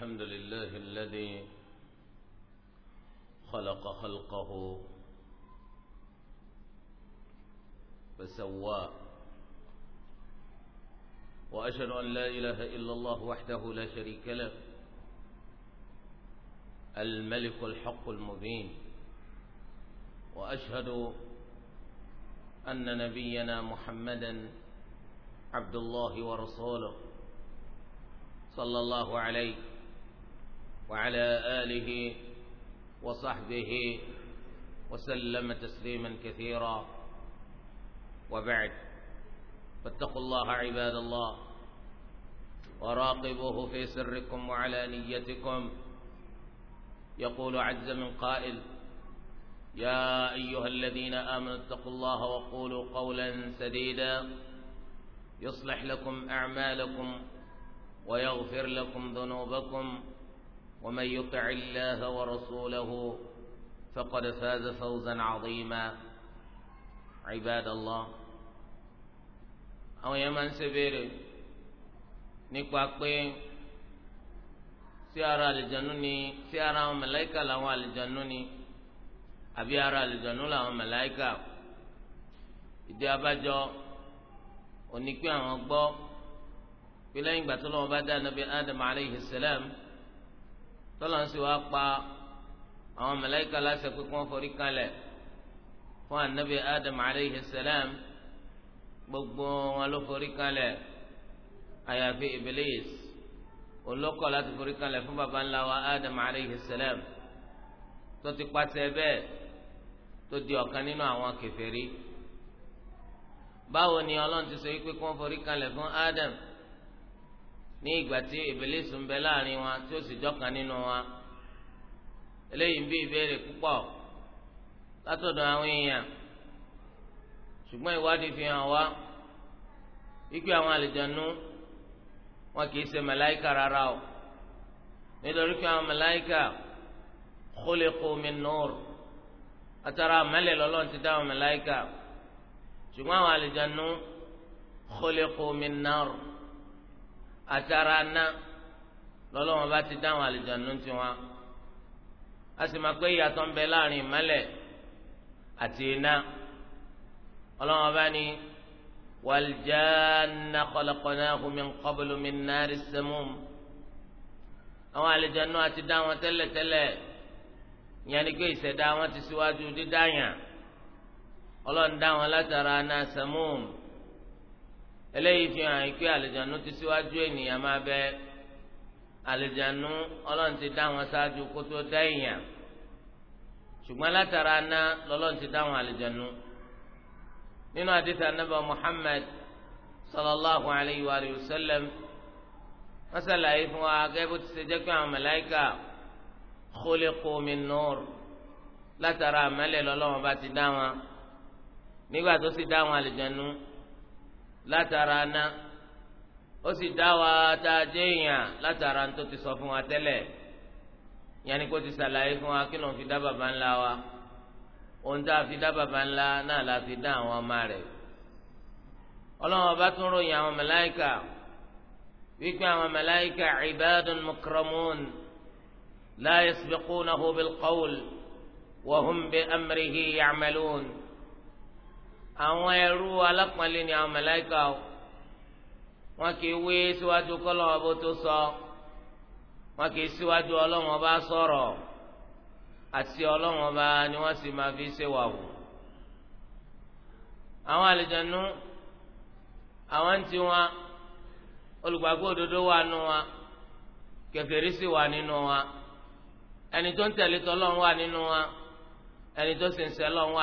الحمد لله الذي خلق خلقه فسواه وأشهد أن لا إله إلا الله وحده لا شريك له الملك الحق المبين وأشهد أن نبينا محمدا عبد الله ورسوله صلى الله عليه وعلى آله وصحبه وسلم تسليما كثيرا وبعد فاتقوا الله عباد الله وراقبوه في سركم وعلى نيتكم يقول عز من قائل يا أيها الذين آمنوا اتقوا الله وقولوا قولا سديدا يصلح لكم أعمالكم ويغفر لكم ذنوبكم ومن يطع الله ورسوله فقد فاز فوزا عظيما عباد الله àwọn èèyàn máa ń ṣe béèrè nípa pé sí ara àlìjánu ni sí ara àwọn mẹláìkà làwọn àlìjánu ni àbí ara àlìjánu làwọn mẹláìkà ìdí abájọ òní pé àwọn gbọ́ pé lẹ́yìn ìgbà tó lọ́wọ́ bá dá nàbí Adam aleyhi salam tọ́lọ̀ ń sì wá pa àwọn màláíkà láṣẹ pé kí wọ́n forí kalẹ̀ fún anabi adam aleyhi salam gbogbo wọn ló forí kalẹ̀ àyàfi iblis olókọ̀ láti forí kalẹ̀ fún baba ńlá wa adam aleyhi salam tó ti pàṣẹ bẹ́ẹ̀ tó di ọ̀kan nínú àwọn kèfèrí báwo ni ọlọ́run ti sọ yìí pé kí wọ́n forí kalẹ̀ fún adam ní ìgbà tí ìbílísù ń bẹ láàrin wọn tí ó sì jọkan nínú wọn eléyìí ń bí ìbéèrè púpọ̀ látọ̀dọ̀ àwọn èèyàn ṣùgbọ́n ìwádìí fi hàn wá wípé àwọn àlejànú wọn kì í ṣe mẹláíkà rárá o nítorí pé àwọn mẹláíkà khuliqu min nur àtàrà àmàlẹ̀ lọ́lọ́run ti dá àwọn mẹláíkà ṣùgbọ́n àwọn àlejànú khuliqu min nar àtàrà ná lọ́lọ́wọ́n bá ti dáhùn àlùjànnú tiwọn a sì máa pé ìyàtọ̀ ń bẹ láàrin ìmọ́lẹ̀ àti iná ọlọ́wọ́n bá ní wàlìjáná khalaqnahu min qablu min nari samum àwọn àlùjànnú àti dáhùn tẹ́lẹ̀tẹ́lẹ̀ ìyẹn ni pé ìṣẹ̀dá wọn ti síwájú dídáyà ọlọ́run dáhùn látara náà samum eléyìí fi hàn yìí pé àlejànú ti síwájú ènìyàn máa bẹ àlejànú ọlọ́run ti dá wọn ṣáájú kó tó dá èèyàn ṣùgbọ́n látara ná lọ́lọ́run ti dá wọn àlejànú nínú àdìsá nàbà Muhammad sallallahu alayhi wa sallam wọ́n ṣàlàyé fún wa gẹ́gẹ́ bó ti ṣe jẹ́ pé àwọn mẹ̀láìkà khuliqu min nur látara àmàlẹ̀ lọ́lọ́run bá ti dá wọn nígbà tó sì dá wọn àlejànú látara ná ó sì dá wa tá a jẹ́ èèyàn látara tó ti sọ fún wa tẹ́lẹ̀ yanni kó ti ṣàlàyé fún wa kí ló ń fi dá baba ńlá wa ohun tá a fi dá baba ńlá náà la fi dá àwọn ọmọ rẹ̀ ọlọ́wọ́n bá tún ròyìn àwọn mẹláìkà wípé àwọn mẹláìkà ibadun mukramun la yasbiqunahu bilqawl wa hum bi amrihi ya'malun. àwọn ẹrú alápọ̀nlé ni àwọn màláíkà o wọn kì í wé síwájú bó sọ wọn kì í síwájú ọlọ́wọ́ bá sọ̀rọ̀ àti bá ni wọ́n sì máa fi ṣe wò àwọn àlejànú àwọn ń tiwọn olùgbàgbọ́ òdodo wà nù wọn sì wà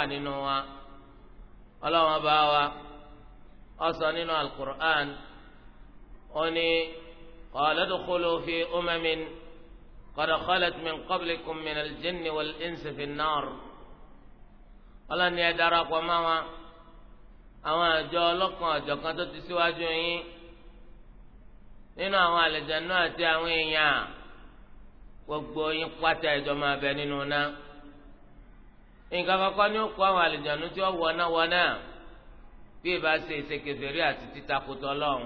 nínú ọlọ́wọ́n bá wa ọsàn nínú alukur'an ó ní ọ̀lẹ́dọ̀kọ́lọ́ fi umamin kọ́dọ̀kọ́lẹ́t mi kọ́bìlìkùn mi nàìjíríà wọ́n ẹ̀ǹsì fi náàrù ọlọ́ni ẹ̀ darapọ̀ mọ́ wa àwọn àjọ ọlọ́kan àjọkan tó ti síwájú yín nínú àwọn àlejò náà àti àwọn èèyàn gbogbo yín pátá ìjọ máa nínú náà. nǹkan kọ́kọ́ ni ó kó àwọn àlìjánu tí ó wọná wọná bí ìbá ṣe ìṣèkèfèrí àti títakùtọ̀ lọ́hùn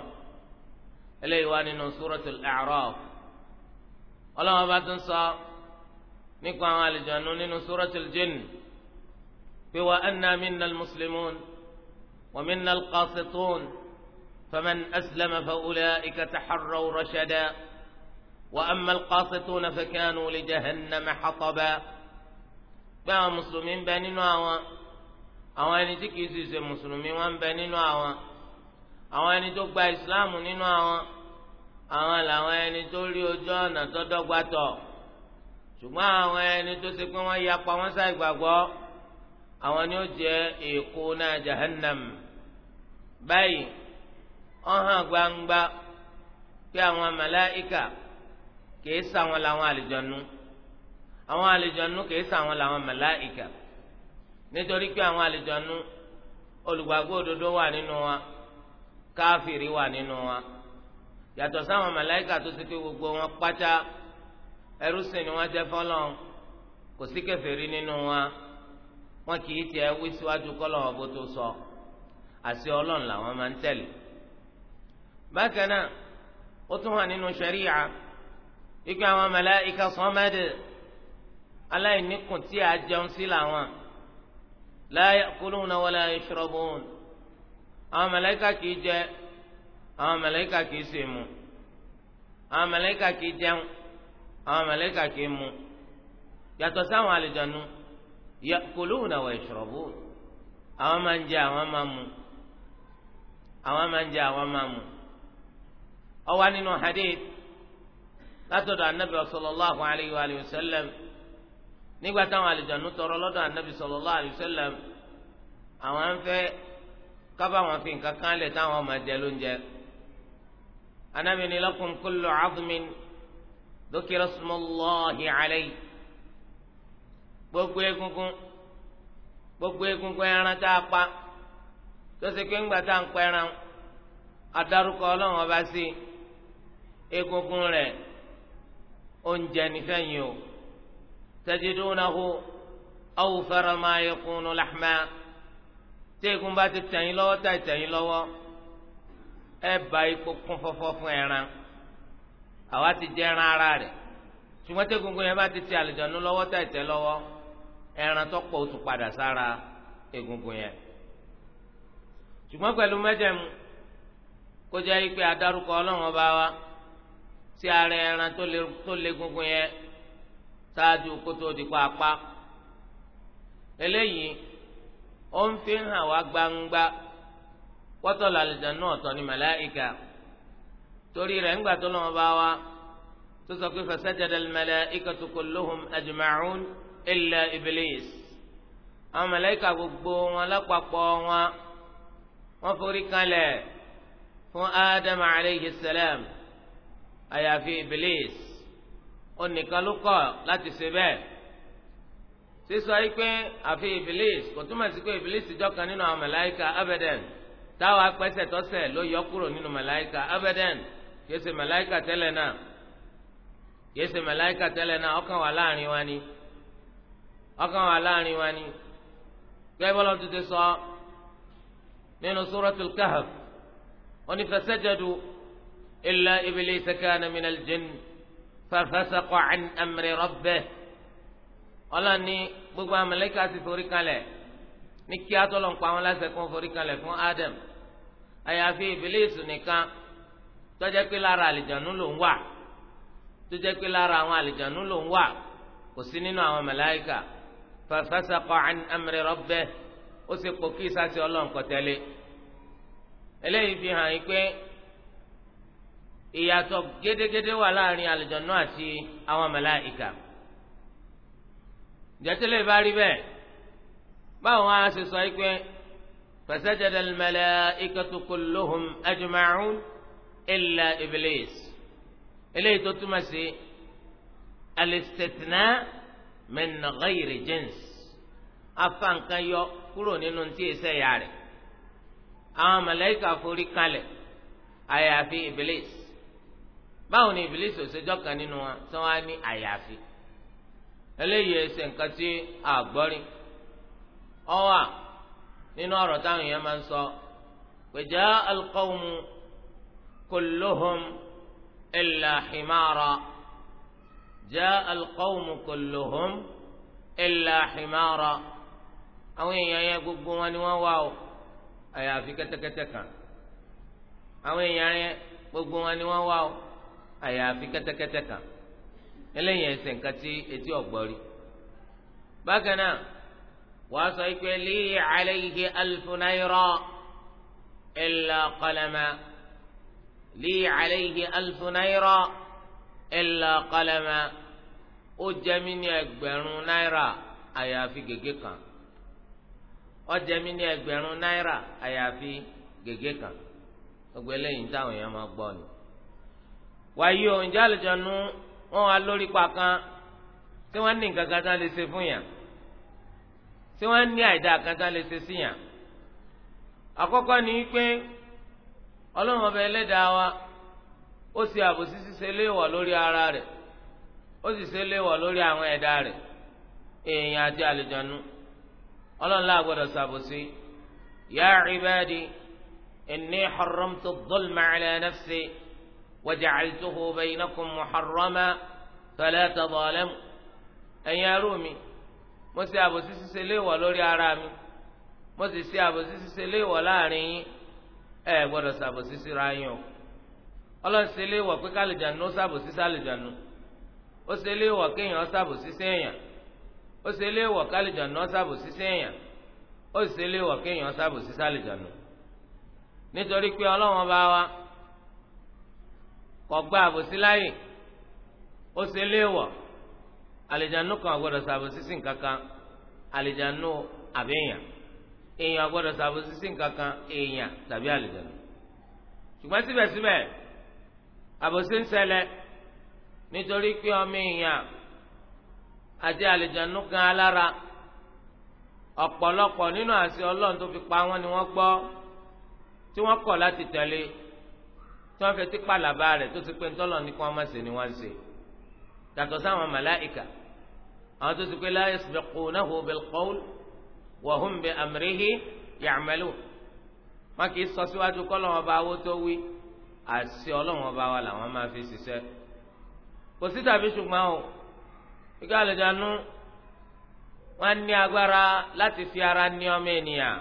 eléyìí wá nínú Suratul A'raf ọlọ́wọ́n bá tún sọ nípa àwọn àlìjánu nínú Suratul jin pé wa anna mi nà muslimun wa mi minna al-qasitun faman aslama fa xarra taharraw rashada wa amma al-qasituna fa kanu li jahannama hataba. pé àwọn mùsùlùmí ń bẹ nínú àwọn àwọn ẹni tí kìí sì ṣe mùsùlùmí wọn ń bẹ nínú àwọn àwọn ẹni tó gba ìsìláàmù nínú àwọn àwọn làwọn ẹni tó rí ojú ọ̀nà tó ṣùgbọ́n àwọn ẹni tó ṣe pé wọ́n yapa wọ́n sá ìgbàgbọ́ àwọn ni ó jẹ èkó náà jahannam báyìí ó hàn gbangba pé àwọn màláìka kìí sàwọn làwọn àlùjànnú. àwọn àlejànú kìí sàwọn làwọn màláìkà nítorí pé àwọn àlejànú olùgbàgbọ́ òdodo wà nínú wa káfìrí wà nínú wa yàtọ̀ sáwọn tó ti gbogbo wọn pátá ẹrú sì ni wọ́n jẹ fọ́lọ́run kò sí nínú wa wọn kìí wí síwájú bó tó sọ àti làwọn máa ń aláìníkùn tí a jẹun sí làwọn la yakuluna wala yashrabun àwọn mẹlẹ́kà kìí jẹ àwọn mẹlẹ́kà kìí sì mu àwọn mẹlẹ́kà kìí jẹun àwọn mẹlẹ́kà kìí mu yàtọ̀ sáwọn àlejànú yakuluna wa yashrabun àwọn máa ń jẹ àwọn máa mu àwọn máa ń jẹ àwọn máa mu ó nínú hadith látọ̀dọ̀ anabi sallallahu alayhi wa sallam. nígbà táwọn àlejànú tọrọ lọ́dọ̀ anabi sallallahu alaihi wasallam àwọn ń fẹ́ kábà wọn fi nǹkan kan lẹ̀ táwọn máa jẹ lóúnjẹ anabi ni lakum kullu azmin dhukira ismullahi alayhi gbogbo egungun gbogbo egungun ẹran tá a pa tó ṣe pé ńgbà tá à ń pa ẹran adarúkọ ọba sí egungun oúnjẹ nífẹ̀ẹ́ yìí o. tajidunahu awfara ma yakunu lahma téèkùn bá ti tẹ̀yìn lọ́wọ́ tá ìtẹ̀yìn lọ́wọ́ ẹ bá ipò kún fọ́fọ́ fún ẹran àwa ti jẹ ẹran ara rẹ̀ ṣùgbọ́n téèkùn yẹn bá ti tẹ àlùjọ̀nú lọ́wọ́ tá ìtẹ̀ lọ́wọ́ ẹran tó pọ̀ oṣù padà sára egungun yẹn ṣùgbọ́n pẹ̀lú mẹ́jẹ̀mú kó jẹ́ ipe adarúkọ ọlọ́run ọba wa sí ara ẹran tó lé egungun yẹn ṣáájú kótó dikọ apá eléyìí ó ń fi hàn wá gbangba wọ́tọ̀ làlùjáná ọ̀tọ̀ ni màláìka torí rẹ̀ ńgbà tó lọ́wọ́ bá wa tó sọ pé fasajada al-malaikatu kulluhum ajma'un illa iblis àwọn màláìka gbogbo wọn lápapọ̀ wọn wọ́n forí kalẹ̀ fún ádámù aleyhi salam àyàfi iblis onìkan ló kọ̀ láti ṣe bẹ́ẹ̀ sísọ yìí pé àfi ìbílíìs kò túmọ̀ sí pé ìbílíìs jọ kan nínú àwọn mẹláìka abẹ́dẹ̀n táwa pẹ́sẹ̀ tọ́sẹ̀ ló yọ kúrò nínú mẹláìka abẹ́dẹ̀n kìí ṣe mẹláìka tẹ́lẹ̀ náà kìí ṣe mẹláìka tẹ́lẹ̀ náà ọkàn wà láàrin wa ni ọkàn wà láàrin wa ni gẹ́gẹ́ bọ́lá ti sọ nínú suratul kahf onífẹsẹ̀jẹ̀dù illa ìbílíìs kana minal jinn fafasaqa an amri rabbih ọlọ́ni gbogbo amẹ́lẹ́kà ti forí kalẹ̀ ní kí atọ́lọ̀ ń pa wọn láṣẹ kó forí kalẹ̀ fún Adam àyàfi ìbílísù nìkan tó jẹ́ pé lára àlìjànú ló ń wà tó jẹ́ pé lára àwọn àlìjànú ló ń wà kò sí nínú àwọn mẹ́lẹ́kà fafasaqa an amri rabbih ó sì pò kí ìsásí ọlọ́nkọ eléyìí fi hàn yín pé ìyàtọ̀ gédégédé wà láàrin àlùjọ̀nú àti àwọn màláíkà jẹ́tẹ́lẹ̀ bá rí bẹ́ẹ̀ báwọn á ṣe sọ pé fasajada al-malaikatu kulluhum ajma'un illa iblis eléyìí tó túmọ̀ sí al-istithna min ghayri jins afa nǹkan yọ kúrò nínú tí èsẹ̀ yà rẹ̀ àwọn màláíkà forí kalẹ̀ àyàfi iblis. báwo ni ìbílísì òṣèjọ́ kan nínú wa tí wọ́n á ní àyàfi eléyìí ẹsẹ̀ nǹkan tí a gbọ́rí ó wà nínú ọ̀rọ̀ táwọn èèyàn máa ń sọ pé jaa ko lohun kulluhum illa je jaa ko lohun kulluhum illa àwọn èèyàn yẹn gbogbo wọn ni wọ́n wá o àyàfi kẹ́tẹ́kẹ́tẹ́ kan àwọn èèyàn yẹn gbogbo wọn ni wọ́n wá o. àyàfi kẹ́tẹ́kẹ́tẹ́ kan eléyìí ẹsẹ̀ nǹkan tí etí ọ̀gbọ́rí bákan náà wàá sọ pé lè alayhi alfu naira illa qalama lè alayhi alfu naira illa qalama ó jẹ mí ní ẹgbẹ̀rún náírà àyàfi gègé kan ó jẹ mí ní ẹgbẹ̀rún náírà àyàfi gègé kan gbogbo eléyìí táwọn èèyàn máa gbọ́ ni. wàyí o ǹjẹ́ àlùjọ̀nù wọn wà lórí pàkan tí wọ́n ní nǹkan kan tán lè ṣe fún yàn tí ní àìdá kan tán lè ṣe sí yàn. àkọ́kọ́ ni pé ọlọ́run ọba ẹlẹ́dàá wa ó ṣe àbòsí ṣíṣe léèwọ̀ lórí ara rẹ̀ ó sì ṣe léèwọ̀ lórí àwọn ẹ̀dá rẹ̀ èèyàn àti ọlọ́run ya nafsi. وجعلته بينكم محرما فلا تظالموا ẹ̀yin arú mi mo ṣe àbòsí ṣíṣe léèwọ̀ lórí ara mi mo sì ṣe àbòsí ṣíṣe léèwọ̀ láàrin yín ẹ gbọ́dọ̀ ṣàbòsí síra yín o Ọlọ́run ṣe léèwọ̀ pé kálíjànú ó ṣàbòsí sálíjànú ó ṣe léèwọ̀ kéèyàn ó ṣàbòsí séèyàn ó ṣe léèwọ̀ kálíjànú ó ṣàbòsí séèyàn ó sì ṣe léèwọ̀ kéèyàn ó ṣàbòsí sálíjànú nítorí pé Ọlọ́run bá wa kò gba àbòsí láyè ó ṣe léèwọ̀ àlejànú kan àgbọ́dọ̀ ṣàbòsí sí nǹkankan àlejànú àbẹ̀yàn èèyàn àgbọ́dọ̀ ṣàbòsí sí nǹkankan èèyàn tàbí àlejànú ṣùgbọ́n síbẹ̀síbẹ̀ àbòsí ń ṣẹlẹ̀ nítorí pé ọmọ èèyàn àti àlejànú kan alára ọ̀pọ̀lọpọ̀ nínú àṣẹ ọlọ́run tó fi pa wọ́n ni wọ́n gbọ́ tí wọ́n kọ̀ láti tẹ̀lé tí wọ́n fẹ́ tí pàlàbà rẹ̀ tó ti pé ńtọ́lọ̀ ní kí wọ́n má ṣe ni wọ́n ṣe yàtọ̀ sáwọn màláìkà àwọn tó ti pé la yasbiqunahu bil qawl wa hum bi amrihi ya'malun wọn kì í sọ síwájú kọ́ lọ́wọ́ bá owó tó wí àti ọlọ́wọ́ bá wa làwọn máa fi ṣiṣẹ́ kò sí tàbí ṣùgbọ́n o ìgbà àlejànú wọn ní agbára láti fi ara ní ọmọ ènìyàn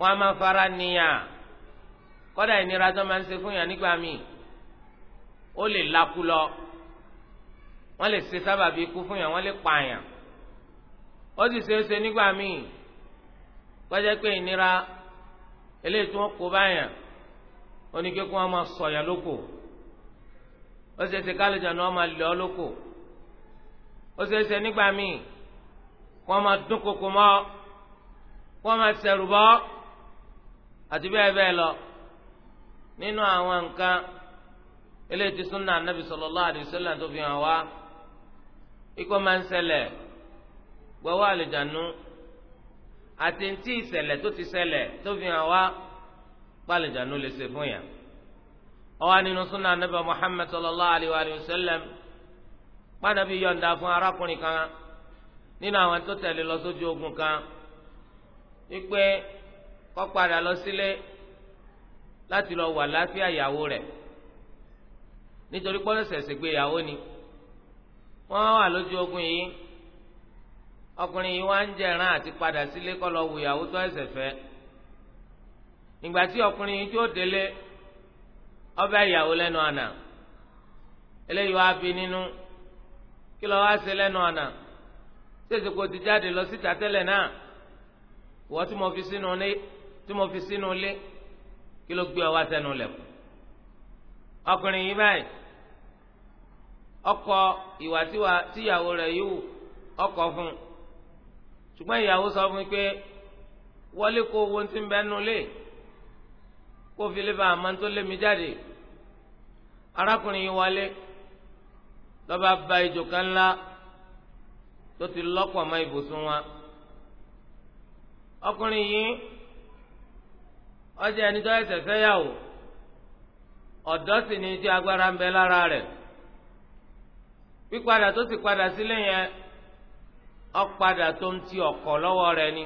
wọn máa fara níyàn kọ́dà ìnira tó máa ń ṣe fún yàn nígbà míì ó lè lakú lọ wọ́n lè ṣe sábàbí ikú fún yàn wọ́n lè pààyàn ó sì ṣe é ṣe nígbà míì kọjá pé ìnira eléyìí tí wọ́n kó báyàn oníkẹ́ kó wọ́n máa sọ̀yàn lóko ó ṣe é kálíjà ni wọ́n máa lè lóko ó ṣe é nígbà míì kó máa dún koko mọ́ kó máa ṣẹ̀rù bọ́ àti bẹ́ẹ̀ bẹ́ẹ̀ lọ. nínú àwọn nǹkan eléyìí ti súnà anábì sallallahu aliyu wasallam tó fi hàn wá ikọ́ máa ń ṣẹlẹ̀ gbọ́wọ́ àlùjánu àti ntí ìṣẹ̀lẹ̀ tó ti ṣẹlẹ̀ tó fi hàn wá pàlùjánu lè ṣe fún yàn ó nínú súnà sallallahu alaihi wasallam pàdàbí yọ̀ǹda fún arákùnrin kan nínú àwọn tó lọ sójú ogun kan wípé padà láti lọ wà láfíà ìyàwó rẹ nítorí pọ́lẹ́sẹ̀sẹ̀ gbé ìyàwó ni wọ́n wà lójú ogun yìí ọkùnrin yìí wá ń jẹran àti padà sílé kọ́ lọ ìyàwó tó ẹsẹ̀ fẹ́ tí ọkùnrin yìí tó délé ọbẹ̀ ìyàwó lẹ́nu àná eléyìí bí nínú kí wá ṣe àná ṣèṣe kò lọ síta tẹ́lẹ̀ náà wọ́n tí mo kí ló gbé ọ wá sẹ́nu lẹ̀kùn ọkùnrin yìí báyìí ọkọ ìwà tíyàwó rẹ̀ yìí wù ọkọ fún un ṣùgbọ́n ìyàwó sọ fún mi pé wọlé kó owó tí ń bẹ nu lé kó fi lè ba àmọ́ tó lé mi jáde arákùnrin yìí wọlé lọ́ba ba ìjòkà ńlá tó ti lọ́pọ̀ mọ́ ibùsùn wa ọkùnrin yìí. ọjà ẹni tó ẹsẹ̀ fẹ́ yà wò ọ̀dọ́ sì ni tí agbára ń bẹ lára rẹ̀ pípadà tó sì padà sílé yẹn ọ̀padà tó ń ti ọ̀kọ̀ lọ́wọ́ rẹ̀ ni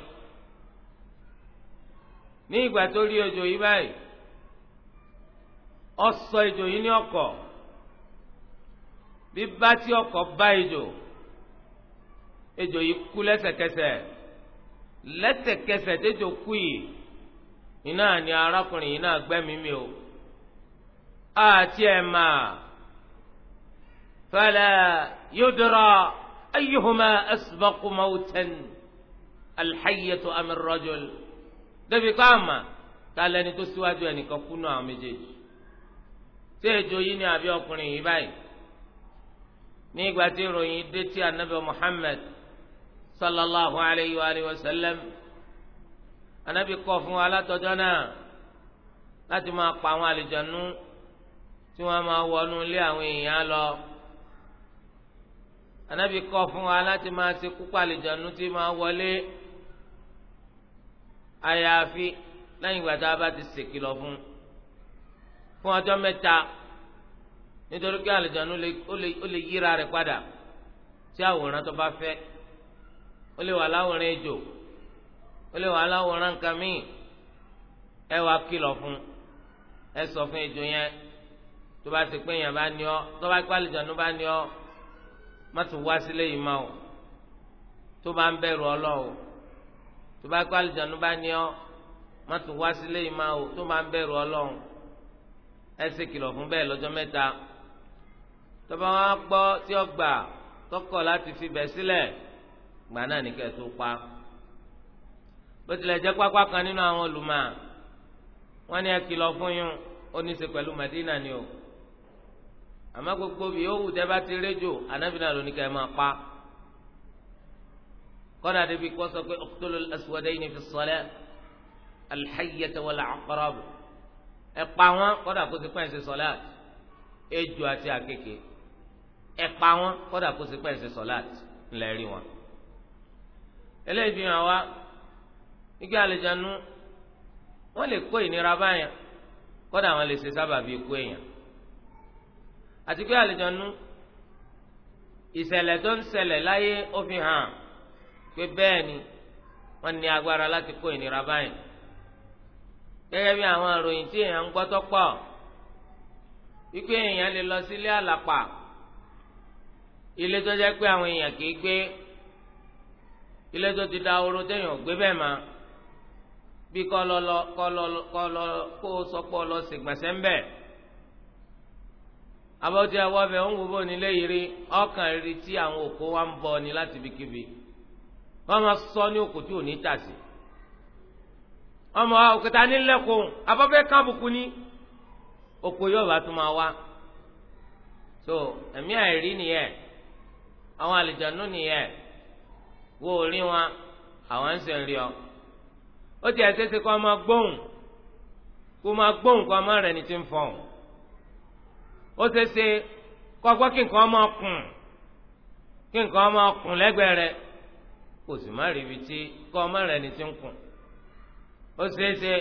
ní ìgbà tó rí ejò yìí báyìí ọsọ ejò yìí ní ọ̀kọ̀ bí bá tí ọ̀kọ̀ bá iná ni arákùnrin yìí náà gbẹ́mìí mi o àti ẹ̀ máa fala yudra ayyuhuma asbaqu mawtan alhayyatu am ar-rajul débi ká àmà tálẹ̀ ni tó síwájú ẹnìkan kú náà àwọn méjèèjì tí èjò yìí ni àbí ọkùnrin yìí báyìí ní ìgbà tí ìròyìn dé tí anabi muhammed sallallahu alayhi wa sallam anabi kọ fún wa látọjọ́ náà láti máa pa àwọn àlejànú tí wọ́n máa wọnú ilé àwọn èèyàn lọ anabi kọ fún wa láti máa ṣe kúpa àlejànú tí máa wọlé àyàfi lẹ́yìn ìgbà tá a bá ti ṣèkìlọ̀ fún fún ọjọ́ mẹ́ta nítorí pé àlejànú ó lè yíra rẹ̀ padà tí àwòrán tó bá fẹ́ ó lè wà láwòrán ejò ó lè wà aláwòrán nǹkan míì ẹ wàá kìlọ̀ fún ẹ sọ fún ejò yẹn tó bá ti pé èèyàn bá ní ọ tó bá pé àlejò àánú bá ní ọ má tún wá sílé yìí máa o tó bá ń bẹ̀rù ọlọ́wọ́ tó bá pé àlejò àánú bá ní ọ má tún wá sílé yìí máa o tó bá ń bẹ̀rù ọlọ́wọ́ ẹ sì kìlọ̀ fún bẹ́ẹ̀ lọ́jọ́ mẹ́ta tó bá wọn gbọ́ tí ó gbà láti fi bẹ̀ sílẹ̀ gbà náà tó pa bó tilẹ̀ jẹ́ pápá kan nínú àwọn olùmọ̀ wọ́n ní ẹ kìlọ̀ fún yín ó ní í ṣe pẹ̀lú Madina ni o àmọ́ gbogbo yòówù tẹ́ bá ti rédíò ànábì náà lóní ká ẹ máa pa kọ́nà débi kọ́ sọ pé uqtulul aswadayni fi ssalah al-hayyata wal-aqrab ẹ pa wọn kọ́nà kó ti pẹ́ẹ́n ṣe sọ́láàt ejò àti àkekèé ẹ pa wọn kọ́nà kó ti pẹ́ẹ́n ṣe sọ́láàt ńlẹ́rìí wọn. eléyìí fi hàn wá igi àlejànú wọ́n lè kó ìnira báyà kódà wọ́n lè ṣe sábàbí ikú èèyàn àti pé àlejànú ìṣẹ̀lẹ̀ tó ń ṣẹlẹ̀ láyé ó fi hàn pé bẹ́ẹ̀ ni wọ́n ní agbára láti kó ìnira báyà gẹ́gẹ́ bí àwọn ìròyìn tí èèyàn ń gbọ́ tó pọ̀ wípé èèyàn lè lọ sílé àlàpà ilé tó jẹ́ pé àwọn èèyàn kì í gbé ilé tó ti da oró téèyàn gbé bẹ́ẹ̀ máa bí kọlọlọ kọlọlọ kọlọ kó sọpọ lọ sègbẹsẹ ń bẹ abọ́tí ẹwọ́ bẹ ń wo bó nílé yìí rí ọkàn rí tí àwọn òkú wa ń bọ ni láti ibikíbi wọ́n máa sọ ní òkú tí ò ní tàsí ọmọ òkúta nílẹ̀kùn abọ́fẹ́ kábùkù ní òkú yóò bá tún máa wá so ẹ̀mí àìrí nìyẹn àwọn àlìjànú nìyẹn wo rí wọn àwọn ń sè ń rí ọ. ó ti àṣeṣe kó máa gbóhùn kó máa gbóhùn kó máa ti ń fọ̀hún ó ṣeṣe kó gbọ́ kí nǹkan máa kùn kí nǹkan kùn lẹ́gbẹ̀ẹ́ kò sì má rí ti ń kùn ó ṣeéṣe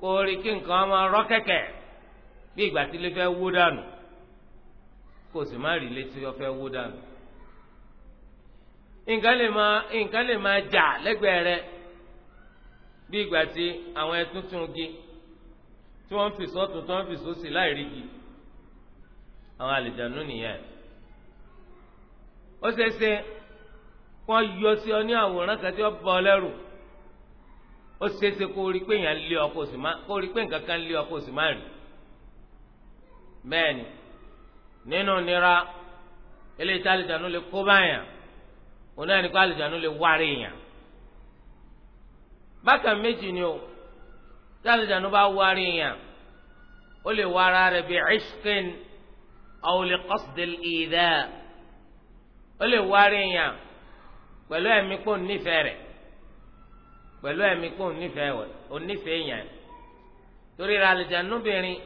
kó rí kí nǹkan ọmọ rọ́ kẹ̀kẹ́ bí ìgbà tí ilé fẹ́ wó dànù kó sì má rí ilé tí wọ́n fẹ́ wó bí ìgbà tí àwọn ẹtúntún gi tí wọ́n fi sọ́tún tí wọ́n fi sósì láì rí gi àwọn àlìjánu nìyẹn ó ṣeé ṣe kó yọ sí ọ ní àwòrán kan tí ó bọ ọ lẹ́rù ó ṣeé ṣe kó rí pé èèyàn lé ọ kó má kó rí pé nǹkan kan lé ọ kó má rí bẹ́ẹ̀ ni nínú nira eléyìí tí àlìjánu lè kó báyà òun náà ní kó àlìjánu lè wárí yàn bákan méjì ni o táàlì dànù bá wárí yàn ó lè wá ara rẹ̀ bí ẹṣin àwòlẹ kọsìdìl ìdá ó lè wárí yàn pẹ̀lú ẹ̀mí pò nífẹ̀ẹ́ rẹ̀ pẹ̀lú ẹ̀mí pò nífẹ̀ẹ́ wẹ̀ onífẹ̀ẹ́ yàn torí ra àlìjànúbìnrin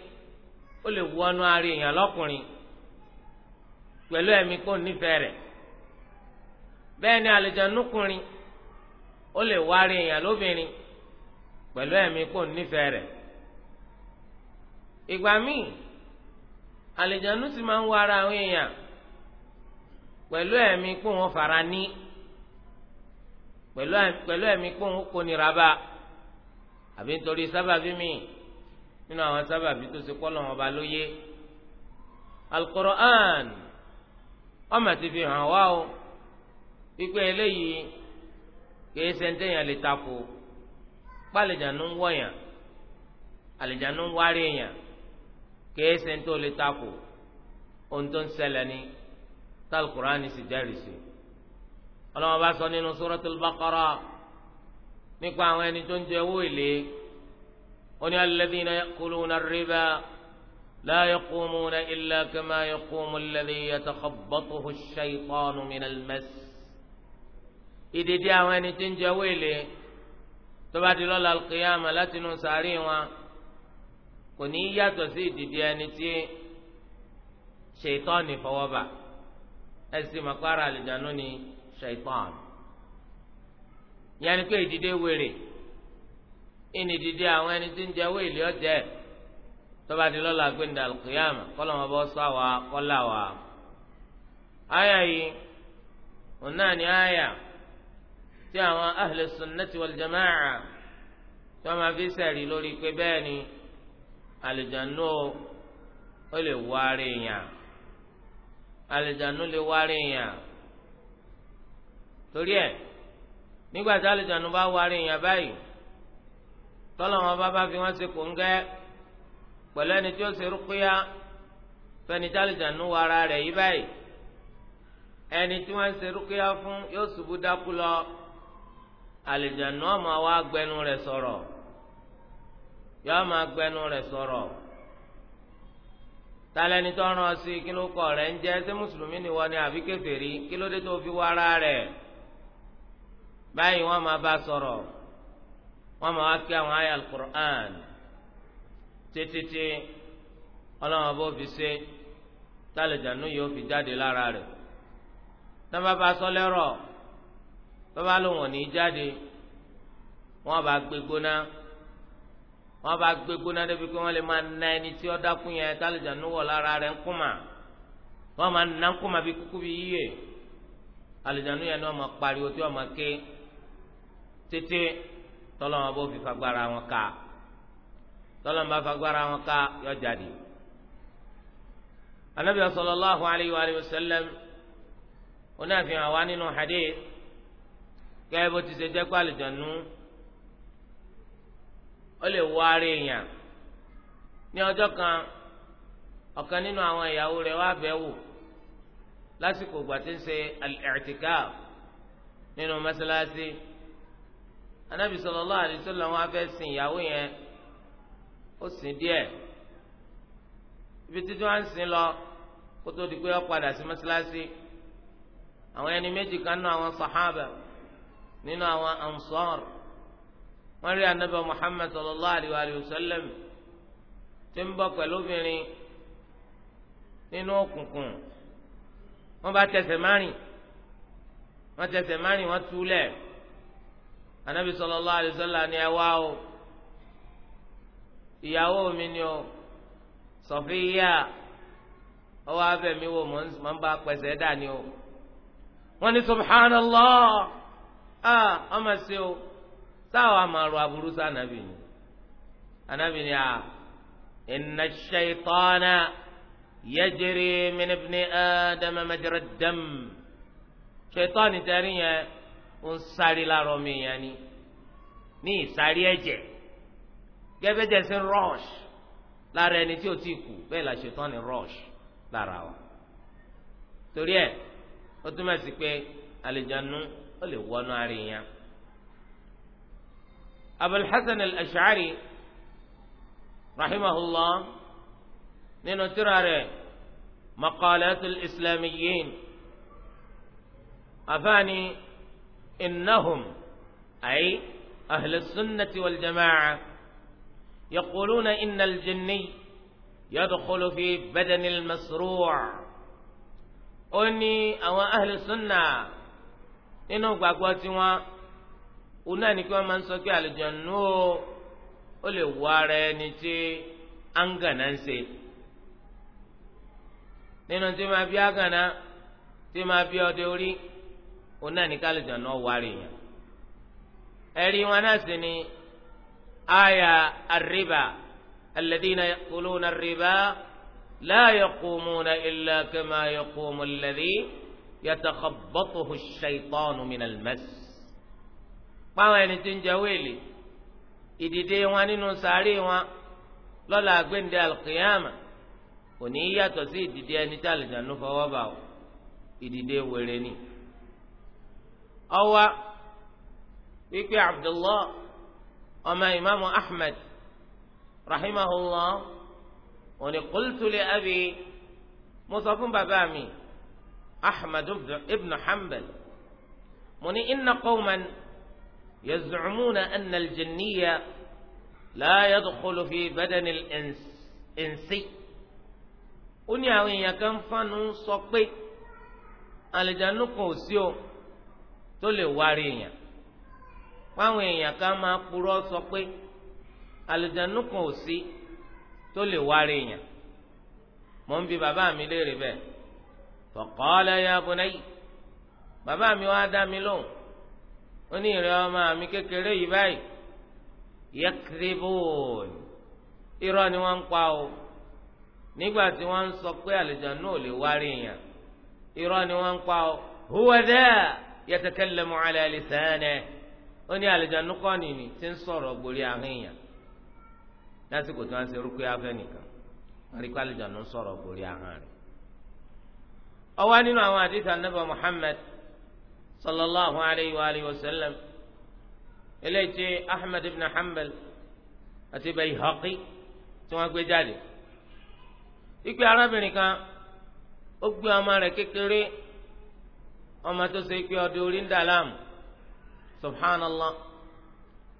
ó lè wọnú ara èèyàn lọ́kùnrin pẹ̀lú ẹ̀mí pò nífẹ̀ẹ́ rẹ̀ bẹ́ẹ̀ ni àlìjànúkùnrin ó lè wárí èèyàn lóbìnrin pẹ̀lú ẹ̀mí kò nífẹ̀ẹ́ rẹ̀ ìgbà míì àlejànú sì máa ń wá ara àwọn èèyàn pẹ̀lú ẹ̀mí kò wọ́n fara ní pẹ̀lú ẹ̀mí kò wọ́n kò nira bá àbí nítorí sábàbí míì nínú àwọn sábàbí tó ṣe kọ́ lọ́wọ́ ọba lóye al ọmọ ti fi hàn wá o wípé eléyìí kìí ṣe ní tẹ̀yàn lè takò pa àlìjánu ń wọ̀yàn àlìjánu ń wárí èèyàn kìí ṣe ní tó lè takò ohun tó ń ṣẹlẹ̀ ni tálkùránì sì jẹ́rìí sí ọlọ́wọ́n bá sọ nínú Suratul Baqara nípa àwọn ẹni tó ń jẹ owó èlé ó ní alladhina ya'kuluna ar-riba la yaqumuna illa kama yaqumu alladhi yatakhabbathu ash-shaytanu min al-mas. ìdèdí àwọn ẹni tí ń jẹ owó èlé tó di lọ́la kìyàmà láti inú sàárì wọn kò ní í yàtọ̀ sí ìdèdí ẹni tí ṣètọ́ọ̀nì fọwọ́bà ẹ̀sìn mọ̀kàrà àlìjánu ni ṣètọ́ọ̀n yẹn ni pé ìdìde wèrè ìní ìdìde àwọn ẹni tí ń jẹ owó èlé ọ̀jẹ̀ tó di lọ́la gbẹ̀ndà kìyàmà kọ́lọ́mọ́ bọ́ sọ́ kọ́lá wa. ni tí àwọn ahlu sunnati wal jama'a tí wọ́n máa fi sẹ̀rí lórí pé bẹ́ẹ̀ ni àlìjánu ó lè wárí yàn àlìjánu lè wárí yàn torí ẹ̀ nígbà tí àlìjánu bá wárí yàn báyìí tọ́lọ́wọ́n bá bá fi wọ́n ṣe kò pẹ̀lú ẹni tí ó ṣe rúkúyà fẹ́ni tí àlìjánu wọ rẹ̀ yí báyìí ẹni tí wọ́n ṣe rúkúyà fún yóò ṣubú dákú lọ àlìjànú ọmọ wa gbẹnu rẹ̀ sọ̀rọ̀ yọọ máa gbẹnu rẹ̀ sọ̀rọ̀ talẹni tó rán ọ sí kí ló kọ rẹ̀ ń jẹ́ ṣé mùsùlùmí ni wọ́n ní àbí kèfèrí kí ló dé tó fi wá ara rẹ̀ báyìí wọ́n máa bá sọ̀rọ̀ wọ́n máa wá kí àwọn àyà alukur'an títí ọlọ́wọ́n bó fi ṣe tálẹ̀jànú yóò fi jáde lára rẹ̀ tábà bá sọ lẹ́rọ̀ bàbá lòun ò ní jáde wọ́n bá gbé gbóná wọ́n bá gbé gbóná débi pé wọ́n lè máa na ẹni tí ó dákú yẹn tálẹjà níwọ lára rẹ̀ ńkùmà wọ́n máa na ńkùmà bí kúkú bí yíyẹ àlùjánu yẹn ni wọ́n máa pariwo tí wọ́n máa ké tètè tọlọmọ bó fi fagbára wọn ká tọlọmọ bá fagbára wọn ká yọ jáde anabi sallallahu alayhi wa sallam onáfihàn wa nínú hadith. gẹ́gẹ́ bó ti ṣe jẹ́ pé àlùjọ̀nù ó lè wọ ara èèyàn ní ọjọ́ kan ọ̀kan nínú àwọn ìyàwó rẹ̀ wá bẹ̀ wò lásìkò ìgbà tí ń ṣe al nínú anábì sallallahu alaihi sin ìyàwó yẹn ó sìn díẹ̀ ibi títí wọ́n ń sìn lọ kó tó di pé ó padà sí mọ́sálásí àwọn ẹni nínú àwọn ansar wọ́n rí anabi muhammad sallallahu alayhi wa sallam ti ń obìnrin nínú òkùnkùn bá márìn ni ẹ wá o ìyàwó o mi wò o subhanallah. a ah, ọmọ ṣe o sáwọn àmàrò aburú sá anabi ni anabi ni a ah, inna shaytana yajri min ibni adama majra dam ṣètọ́ni tẹ́rí yẹn ń sáré lára ọmọ èèyàn ni ní ìsáré ẹ̀jẹ̀ gẹ́gẹ́jẹ̀ sí rush lára ẹni tí ó ti kú bẹ́ẹ̀ la ṣètọ́ni rush lára wa torí ẹ̀ ó túmọ̀ sí pé àlejànú. ó lè wọnú ara èèyàn. Abul Hasan al-Ash'ari rahimahullah nínú tírà rẹ̀ maqalatul islamiyyin afaani innahum ay ahlu sunnati wal jama'a yaquluna innal jinni yadkhulu fi badani al-masru' ó ní àwọn ahlu sunnah. nínú gbàgbọ́ tiwọn òun náà ní kí wọ́n máa ń sọ pé àlùjànnú ó lè wọ ara ẹni tí áńgànà ń ṣe nínú tí máa bí áńgànà tí máa bí ọdẹ orí òun náà ní kí àlùjànnú ó wọ ara èèyàn ẹ̀rí wọn náà sì ni àyà àríbà alladhina ya'kuluna ar-riba la yaqumuna illa kama yaqumu alladhi yatakhabbathu الشيطان من المس. al-mas. páwọn ẹni tí ń jẹ wéèlì ìdìde wọn nínú sàárè wọn lọ́la àgbéǹde al-qiyama kò ní í yàtọ̀ sí ìdìde ẹni tí àlùjánu fọwọ́ bá o ìdìde wèrè ni. ọwa wípé abdullah ọmọ ìmáàmù ahmed rahimahullah òní qultu mo sọ fún bàbá mi ahmed ibn hanbal mo ní inna qawman yaz'umuna anna al-jinniya la yadkhulu fi badani al-insi ó ní àwọn èèyàn kan fanu sọ pé àlìjánu kan ò sí o tó lè wárí èèyàn fáwọn èèyàn kan máa purọ́ sọ pé àlìjánu kan ò sí tó lè wárí èèyàn mò ń bi bàbá mi léèrè bẹ́ẹ̀. faqala ya bunayya bàbá mi wá dá mi lóhùn ó ní ìrẹ́ ọmọ mi kékeré yìí báyìí ni ń pa o nígbà tí sọ pé lè wárí Irọ ni wọn ń pa o huwa dha yatakallamu ala lisanihi ó ní àlùjànnú kọ́ nìyí tí ń sọ̀rọ̀ ya. ahọ́n èèyàn lásìkò tí wọ́n ń ṣe rúkúyà fẹ́ nìkan wọ́n rí pé àlùjànnú ń sọ̀rọ̀ ahọ́n ọwọ́ nínú àwọn àdìsí anábà Muhammad sallallahu alayhi wa alayhi wa sallam eléyìí tí Ahmad ibn Hanbal àti Bayhaqi tí wọ́n gbé jáde ikpe arábìnrin kan ó gbé ọmọ rẹ̀ kékeré ọmọ tó ṣe ikpe ọdún orí ń dà láàmú subhanallah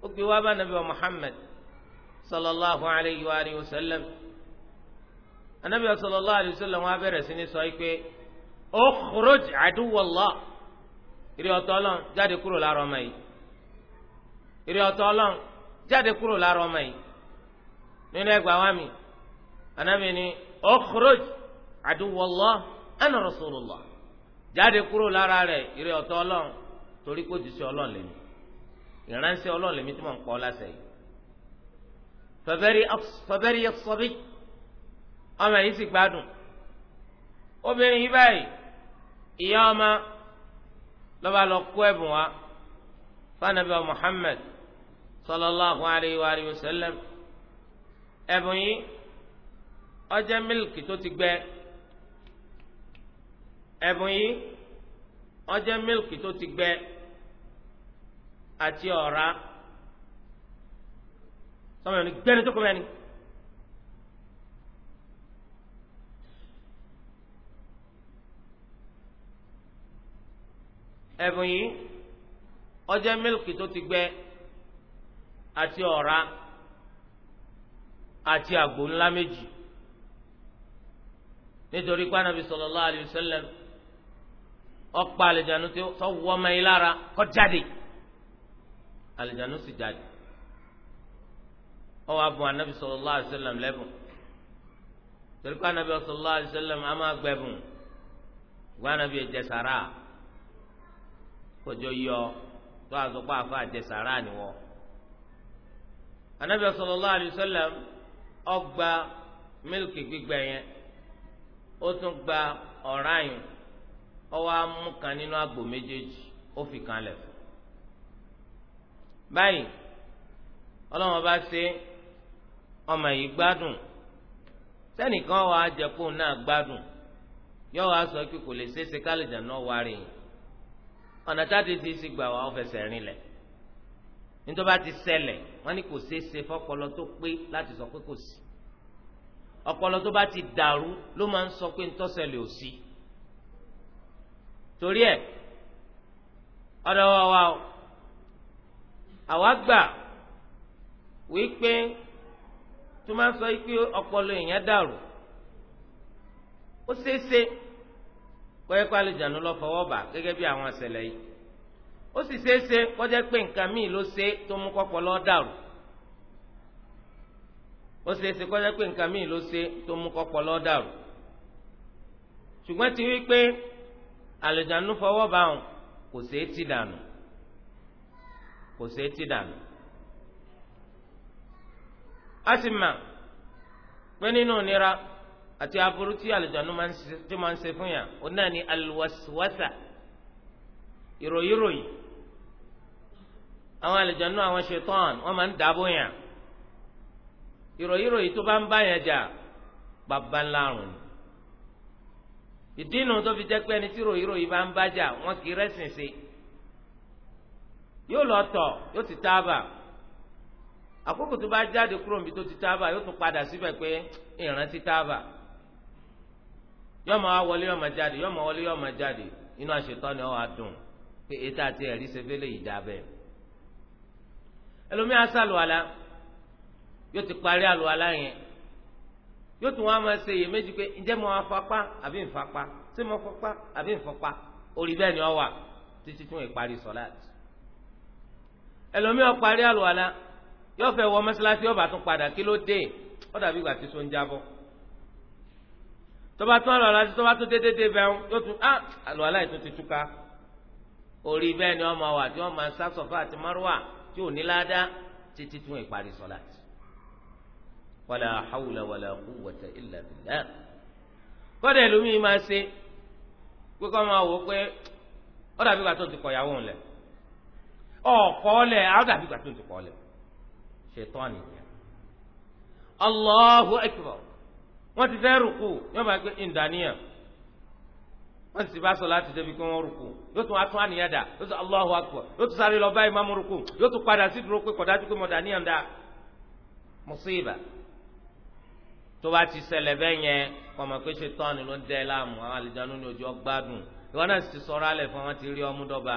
ó gbé wá bá nabi wa sallallahu alayhi wa alayhi wa sallam anabi sallallahu alayhi wa sallam wá bẹ̀rẹ̀ sí ní sọ ikpe ukhruj aduwallah ìrì ọ̀tọ̀ ọlọ́run jáde kúrò lára ọmọ yìí ìrì ọ̀tọ̀ ọlọ́run jáde kúrò lára ọmọ yìí nínú ẹgbàá wa mi anabi ni ukhruj aduwallah ana rasulullah jáde kúrò lára rẹ̀ ìrì ọ̀tọ̀ ọlọ́run torí kó ti ṣe ọlọ́run lèmi ìránṣẹ́ ọlọ́run lèmi tí mò ń kọ́ lásẹ̀ yìí fabariya as-sabi ọmọ yìí sì gbádùn obìnrin yìí báyìí ìyá ọmọ lọ́ba lọ kó ẹ̀bùn wa fanabi wa Muhammad sallallahu alayhi wa alihi wa sallam ẹ̀bùn yìí ó jẹ́ mílìkì tó ti gbẹ ẹ̀bùn yìí ó mílìkì tó ti gbẹ àti ọ̀rá sọmọ ẹni gbẹni tó kọ mẹni. ẹ̀bùn yìí ọjẹ́ mílìkì tó ti gbẹ àti ọ̀rá àti àgbò ńlá méjì nítorí pé sallallahu alayhi wa sallam ọ̀pá alijanu tó wọ́ ọmọ yìí lara kọ́ jáde àlejànú sì jáde ọwọ́ abùn anabi sallallahu alayhi wa sallam lẹ́bùn torí pé anabi sallallahu alayhi wa sallam a máa gbẹ̀bùn gbọ́n kọjọ yọ tó àzọpọ̀ afọ àjẹsára nìwọ. anabi sallallahu alayhi ọgbà mílìkì gbígbẹ yẹn ó tún gba ọ̀ráyìn ọwọ́ amú nínú àgbò méjèèjì ó fi kan lẹ̀ fún. báyìí ọlọ́wọ́n bá ṣe ọmọ yìí gbádùn sẹ́nìkan wàá jẹ́ kóun náà gbádùn yọ sọ pé kò lè ṣeéṣe kálíjà náà ọ̀nà táde ti si gbà wá ọ̀fẹsẹ̀ rìn lẹ̀ nítorí bá ti ṣẹlẹ̀ wọ́n ní kò ṣeé ṣe fọ́pọlọ tó pé láti sọ pé kò sí ọpọlọ tó bá ti dàrú ló máa ń sọ pé ntọ́sẹ̀lẹ̀ ò sí torí ẹ̀ ọ̀dọ̀ wa wa o àwa gbà wípé tó máa ń sọ pé ọpọlọ èèyàn dàrú ó ṣeé ṣe. kọ́yẹ́ kó alìjánu lọ fọwọ́ bà gẹ́gẹ́ bí àwọn àṣẹlẹ̀ yìí ó sì ṣeé ṣe pé nǹkan míì ló ṣe tó mú kọ́pọ̀ lọ́ dàrú ó ṣeé ṣe pé nǹkan míì ló tó mú dàrú ti wí pé àti aburú tí àlùjánu tí máa ń ṣe fún yà ó náà ní alwaswasa ìròyìnròyìn àwọn àlùjánu àwọn ṣetán wọn máa ń dàbò yà ìròyìnròyìn tó bá ń bá yẹn jà bàbá ńlá àrùn ni ìdí inú tó fi jẹ́ pé ẹni tí ìròyìnròyìn bá ń bá jà wọn kì í rẹ́sìn sí yóò lọ tọ̀ yóò ti tábà àkókò tó bá jáde kúrò níbi tó ti tábà yóò tún padà síbẹ̀ pé ìrántí tábà yóò máa wọlé yóò máa jáde yóò máa wọlé yóò máa jáde inú àṣetọ́ ni wọ́n á dùn pé ètò àti ẹ̀rí ṣe fẹ́lẹ̀ yìí dábẹ́. ẹlòmíà sàlùwàlà yóò ti parí àlùwàlà yẹn yóò tún wọn máa ṣe iye méjì pé ǹjẹ́ mo wá fapá àbí nfapá ṣé mo fapá àbí nfapá orí bẹ́ẹ̀ ni ọ wà títí tún ìparí sọ́láàtì. ẹlòmíà parí àlùwàlà yóò fẹ́ wọ mọ́ṣáláṣí ọba tún padà kí ló dé ó ìgbà tí so ń jábọ́ tọ́ba tún àlọ́ àlọ́ tọ́ba tún dédé dé bẹ́ẹ̀ yóò tún á ah, àlọ́ ti túká orí bẹ́ẹ̀ ni ọmọ wa tí wọ́n máa ń ti àti márùwà tí ò ní ládàá títí tún ìparí sọ̀láàtì. wàlà hawla wàlà quwwata illa billah. kọ́dà ẹlòmíì máa ṣe pé kọ́ máa wò ó pé dàbí gbà tó ti kọ̀ ńlẹ̀ ọ̀kọ́ lẹ̀ dàbí gbà tó ti kọ̀ wọ́n ti fẹ́ rùkù yóò máa gbé ìdàníyàn wọ́n ti bá sọ láti débi kí wọ́n rùkù yóò tún atún àníyàn dà yóò tún Allahu Akbar yóò tún sáré lọ bá ìmáàmù rùkù yóò tún padà sí dúró pé kọ̀dájú pé mo dàníyàn dà mùsíbà tó bá ti ṣẹlẹ̀ bẹ́ẹ̀ yẹn kọ̀mọ̀ pé ṣe tán ni ló ń dẹ́ láàmú àwọn àlejànú ní ojú ọgbádùn ìwọ náà ti sọ̀rọ̀ alẹ̀ fún wọn ti rí ọmú dọ́ba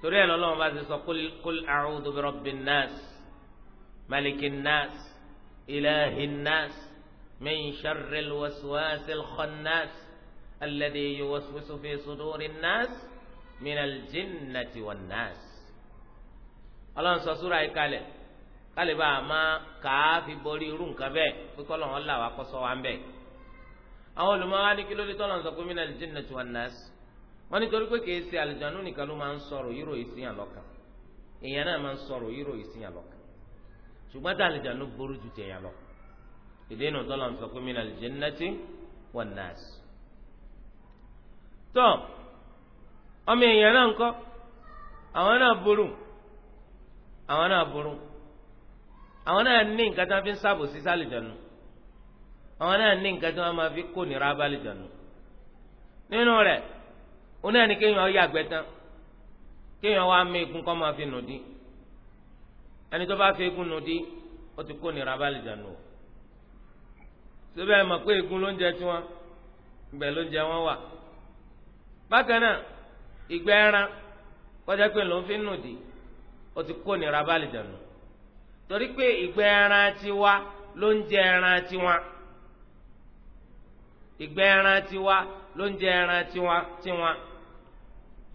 torí ẹ̀ lọ́lọ́run bá ti sọ kul a'udhu bi rabbin إله الناس من شر الوسواس الخناس الذي يوسوس في صدور الناس من الجنة والناس ọlọ́run sọ súra yìí kalẹ̀ kalẹ̀ bá a máa kàá fi borí irú nǹkan bẹ́ẹ̀ pé kọ́lọ́run ọ̀là wa kọ́ sọ wa ń bẹ̀. àwọn olùmọ̀wá ní kí ló dé tọ́lọ̀ ń sọ pé mí náà jìnnà tí wọ́n nàás. wọ́n nítorí pé kìí ṣe àlùjànnú nìkan ló máa ń sọ̀rọ̀ yíró ìsìyàn lọ́kàn èèyàn náà máa ń sọ̀rọ̀ yíró ìsìyàn lọ́kàn. ṣùgbọ́n tá àlùjánu burú ju tẹ̀yàn lọ ìdí inú tọ́lọ̀ ń sọ pé minal jinnati wan nas. tọ́ ọmọ èèyàn náà ń kọ́ àwọn náà burú àwọn náà burú àwọn náà ní nǹkan tí wọ́n fi ń sábò sí sálùjánu àwọn náà ní nǹkan tí wọ́n máa fi kó nira abálùjánu nínú ẹni tó bá fi eégún nu dí ó ti kó nira bá àlìjánu o síbẹ̀ mọ̀ pé eégún ló ń jẹ tiwọn ìgbẹ́ ló ń jẹ wọn wà bákan náà ìgbẹ́ ẹran kọjá pé ló ń fi nù dí ó ti kó nira bá àlìjánu torí pé ìgbẹ́ ẹran tiwa ló ń jẹ ẹran tiwọn ìgbẹ́ ẹran tiwa ló ń jẹ ẹran tiwọn tiwọn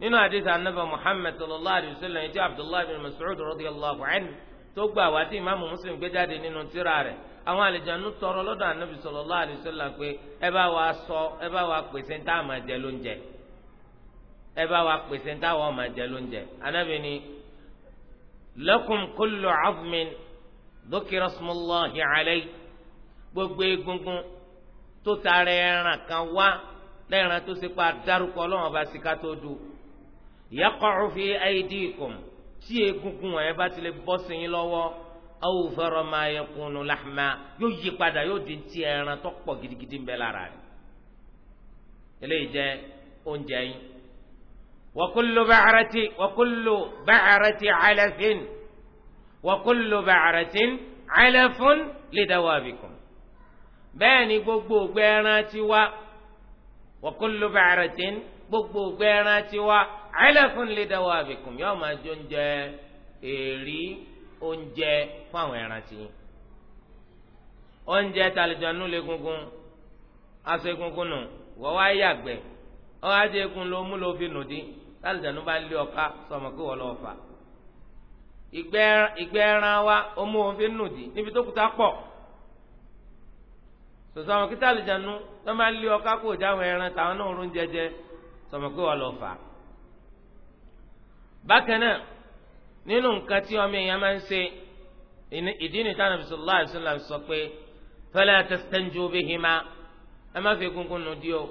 nínú àdìsí anábà muhammed sallallahu alayhi wa sallam ti abdullahi bin mas'ud radiyallahu anhu tó gbà wá tí ìmáàmù muslim gbé jáde nínú tírà rẹ̀ àwọn àlejànú tọrọ lọ́dọ̀ anábì sallallahu alayhi wa sallam pé ẹ bá wa sọ ẹ bá wa pèsè ń tá a máa jẹ lóúnjẹ ẹ bá wa pèsè ń tá a máa jẹ lóúnjẹ anábì ni lakum kullu azmin dhukira ismullahi alayhi gbogbo egungun tó tara ẹran kan wá lẹ́ran tó ṣe pa dárúkọ ọlọ́run ọba síkà tó dùn yaqa'u fi aydikum tí egungun ẹ̀ bá ti lè bọ́ sí yín lọ́wọ́ aw fara ma yakunu lahma yóò yí padà yóò di ti ẹran tó pọ̀ gidigidi ń bẹ lára rẹ̀ eléyìí jẹ́ oúnjẹ yín wa kullu ba'rati wa kullu ba'rati 'alafin wa kullu ba'ratin bẹ́ẹ̀ ni gbogbo ògbẹ́ tiwa wa kullu gbogbo ògbẹ́ tiwa alafun li dawabikum yóò máa jẹ oúnjẹ èrí oúnjẹ fún àwọn ẹran tí oúnjẹ tàlùjọ́nù lẹ́gungun aṣọ egungun nù wọ́n wá yàgbẹ́ wọ́n wá jẹ́ egun ló mú ló nù dín tàlùjọ́nù bá lé ọ̀ka sọmọ pé wọ́n lọ́ọ́ fà ìgbẹ́ ẹran wa ó mú òun fi nù dín níbi tó kúta pọ̀ sọsọ àwọn kí tàlùjọ́nù tó máa ń lé ọ̀ka kó jáwọ́ ẹran táwọn náà rún jẹjẹ sọmọ pé wọ́n lọ́ọ́ fà bákan náà nínú nǹkan tí ọmọ èèyàn máa ń ṣe ìdí ni táwọn Ànábì sallallahu alaihi wasallam sọ pé fala tastanju bihima ẹ má fi egungun nù dí o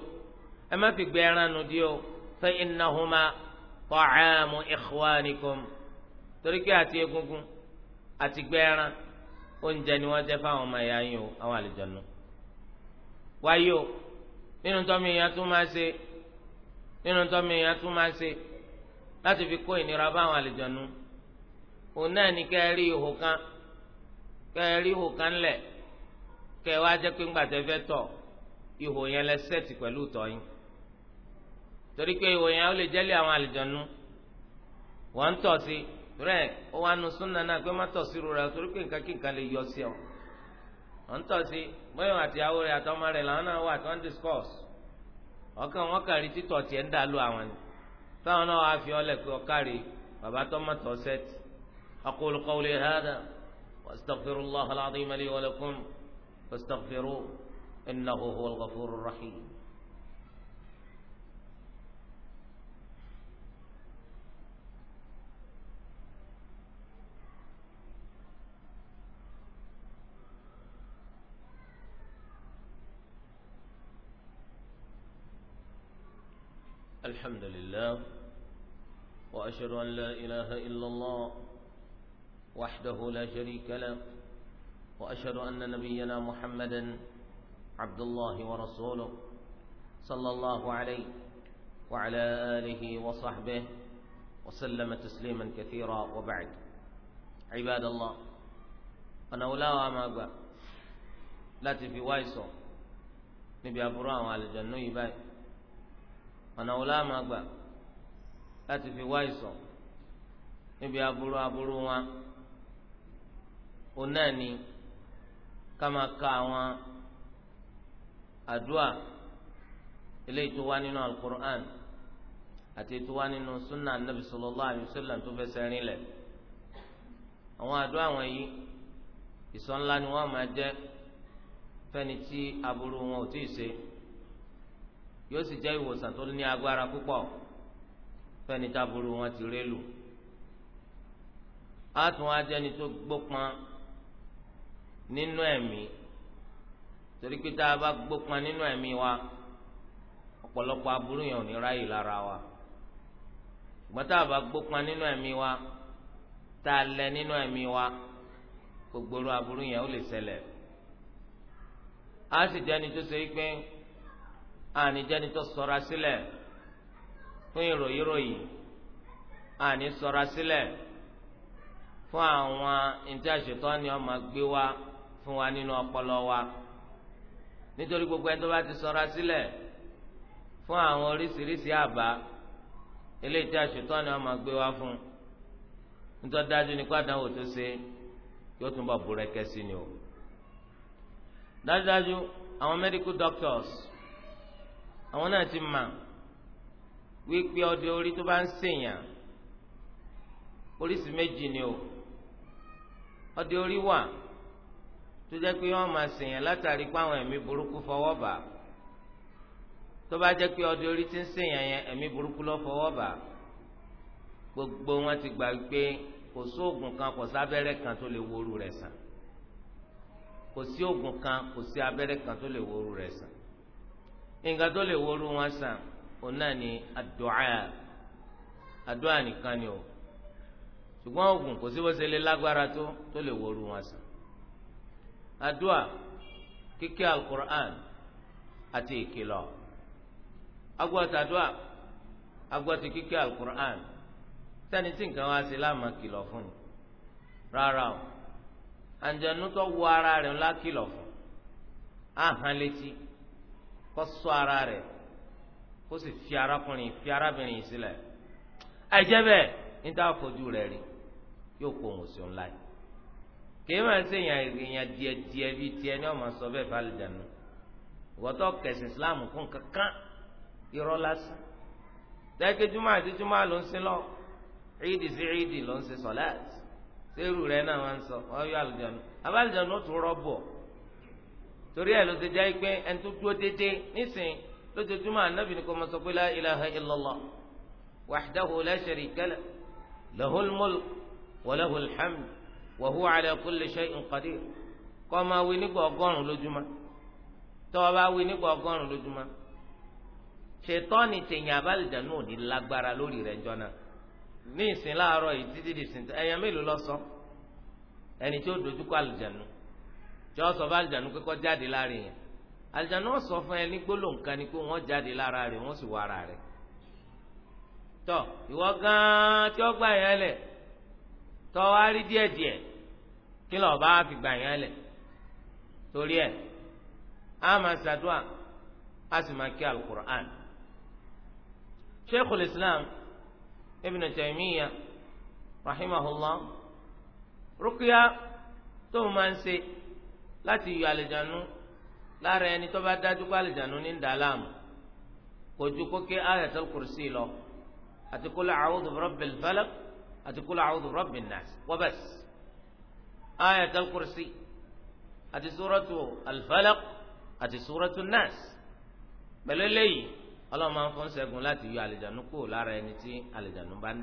ẹ má fi gbẹ ẹran nù dí o fa innahuma ta'amu ikhwanikum torí pé àti egungun àti gbẹ ẹran oúnjẹ ni wọ́n jẹ́ fáwọn ọmọ ẹ̀yà yín o àwọn àlùjànnú wáyé o nínú tọ́mọ èèyàn tún máa ṣe nínú tọ́mọ èèyàn tún máa ṣe. láti fi kó ìnira báwọn àlejànú òun náà ní kẹ́ ihò kan ihò kan lẹ̀ kẹ́ wá jẹ́ pé ńgbà tẹ́ fẹ́ ihò yẹn lẹ sẹ́ẹ̀tì pẹ̀lú tọ yín torí pé ihò yẹn ó lè jẹ́lé àwọn àlejànú wọ́n ń tọ̀ sí rẹ̀ ó wá nu súnà náà pé má tọ̀ sí ru rẹ̀ torí pé nǹkan kí nǹkan lè wọ́n ń sí bóyá àtọmọ làwọn náà wà ń ọkàn wọn kàrí ń dàlú àwọn táwọn náà wàá fi ọlẹ̀ pé ọ̀kárì bàbá tó má tọ́ sẹ́ẹ̀tì aqulu qawli hadha wa astaghfirullaha al-azima li wa lakum fastaghfiruhu innahu huwal ghafurur rahim. الحمد لله وأشهد أن لا إله إلا الله وحده لا شريك له وأشهد أن نبينا محمدا عبد الله ورسوله صلى الله عليه وعلى آله وصحبه وسلم تسليما كثيرا وبعد عباد الله أنا ولا ما أقول لا تفي وايسو نبي أبراه على الجنة يبقى ọ̀nà wo láàmú lati fi wá ìsọ̀ níbi aburú aburú wa òun náà ni ká ka àwọn àdúà eléyìí tó wá nínú alukur'an àti tó wá nínú sunna anabi sallallahu alayhi wa sallam tó fẹsẹ̀ rinlẹ̀ àwọn àdúà àwọn ìsọ̀ ńlá ni wọ́n máa jẹ́ fẹ́ni tí aburú yóò sì jẹ́ ìwòsàn tó ní agbára púpọ̀ fẹ́ni táburú wọn ti rélù á tún á jẹ́ni tó gbópọn nínú ẹ̀mí torí pé tá a bá gbópọn nínú ẹ̀mí wa ọ̀pọ̀lọpọ̀ aburú yẹn ò ní ráyè lára wa ṣùgbọ́n tá a bá gbópọn nínú ẹ̀mí wa tá a lẹ nínú ẹ̀mí wa gbogbo aburú yẹn ó lè ṣẹlẹ̀ á sì jẹ́ni tó ṣe é pé. ànijẹ́ni tó sọra sílẹ̀ fún ìròyìnròyìn àní sọra sílẹ̀ fún àwọn ìtàṣetọ́ ni ọmọ gbé wá fún wa nínú ọpọlọ wa nítorí gbogbo ẹni tó bá ti sọra sílẹ̀ fún àwọn oríṣiríṣi àbá eléyìí tí àṣetọ́ ni ọmọ gbé wá fún nítorí dájú ní tó ṣe yóò tún bọ̀ o dájúdájú àwọn medical doctors àwọn náà ti mà wípé ọdẹ orí tó bá ń ṣèyàn oríṣi méjì ni o ọdẹ orí wà tó jẹ́ pé wọ́n máa ṣèyàn látàrí pé àwọn ẹ̀mí burúkú fọwọ́ bà tó bá jẹ́ pé ọdẹ orí ti ń ṣèyàn yẹn ẹ̀mí burúkú lọ fọwọ́ bà gbogbo wọn ti gbà pé kò sí oògùn kan kò sí abẹ́rẹ́ kan tó lè woru rẹ̀ sàn kò sí oògùn kan kò sí abẹ́rẹ́ kan tó lè woru rẹ̀ sàn nǹkan tó lè wọrú wọn sàn òun náà ni ni o ṣùgbọ́n oògùn kò sí bó ṣe lágbára tó tó lè wọn sàn àdúà kíké alukur'an àti ìkìlọ̀ agbọ́tà àdúà agbọ́tà kíké alukur'an sani tí nǹkan wá sí láàmà kìlọ̀ fún ni rárá o àǹjẹ̀nú tó wọ ara rẹ̀ ńlá kìlọ̀ kó ṣọ́ ara rẹ̀ kó sì fi arákùnrin fi arábìnrin yìí sílẹ̀ àìjẹ́ bẹ́ẹ̀ ní tá a fojú rẹ̀ rí yóò kó òun sí ńlá yìí kìí máa ṣe èèyàn èèyàn díẹ̀díẹ̀ bíi tiẹ̀ ni ọmọ sọ bẹ́ẹ̀ fàlìjànù ìwọ́tọ̀ kẹsì islam fún kankan irọ́ lásán tẹ́kẹ́ júmọ́ àti júmọ́ ló ń sin lọ ìdì sí ìdì ló ń sin sọ̀láàtì sẹ́rù rẹ̀ náà wọ́n ń sọ wọ́n yọ àlìjànù àbálìjànù ó tún rọ́bù ọ́ torí ẹ̀ ló ti jẹ́ pé ẹni tó dúró dédé nísìn lójoojúmọ́ anábì ni kò mọ̀ sọ pé la ilaha illallah wahdahu la sharika lah lahul mulk wa lahul hamd wa huwa ala kulli shay'in qadir kọ́ máa wí nígbà ọgọ́rùn-ún lójúmọ́ tọ́ ọ wí nígbà ọgọ́rùn lójúmọ́ ṣètọ́ni tèèyàn abálìjánu ò lágbára lórí rẹ̀ jọ ní ìsìn láàárọ̀ yìí títí di ìsìn ẹ̀yàn mélòó lọ́sọ̀ ẹni tí ó dojúkọ àlìjánu tí wọ́n sọ fún alìjánu pé kó jáde lára yẹn alìjánu wọ́n sọ fún ẹ ní gbólóǹkan ni pé wọ́n jáde lára rẹ̀ wọ́n sì wọ ara rẹ̀ tọ ìwọ gan tí ó gbà yẹn lẹ̀ tọ́ wá rí díẹ̀díẹ̀ kí lọ́ọ́ bá fi gbà yẹn lẹ̀ torí ẹ̀ a máa ṣàdúrà a sì máa kí alukur'an sheikhul islam ibn taymiyyah rahimahullah rukia tó máa ń ṣe láti yọ àlejànú lára ẹni tó bá dájú pé àlejànú ní ń dà láàmú kò ju kókè ayatul kursi lọ àti kul a'udhu bi rabbil falaq àti kul a'udhu bi rabbin nas wa bas ayatul kursi àti suratu al-falaq àti suratu an-nas pẹ̀lú eléyìí ọlọ́run máa ń fún ṣẹ́gun láti yọ àlejànú kúrò lára ẹni tí àlejànú bá ń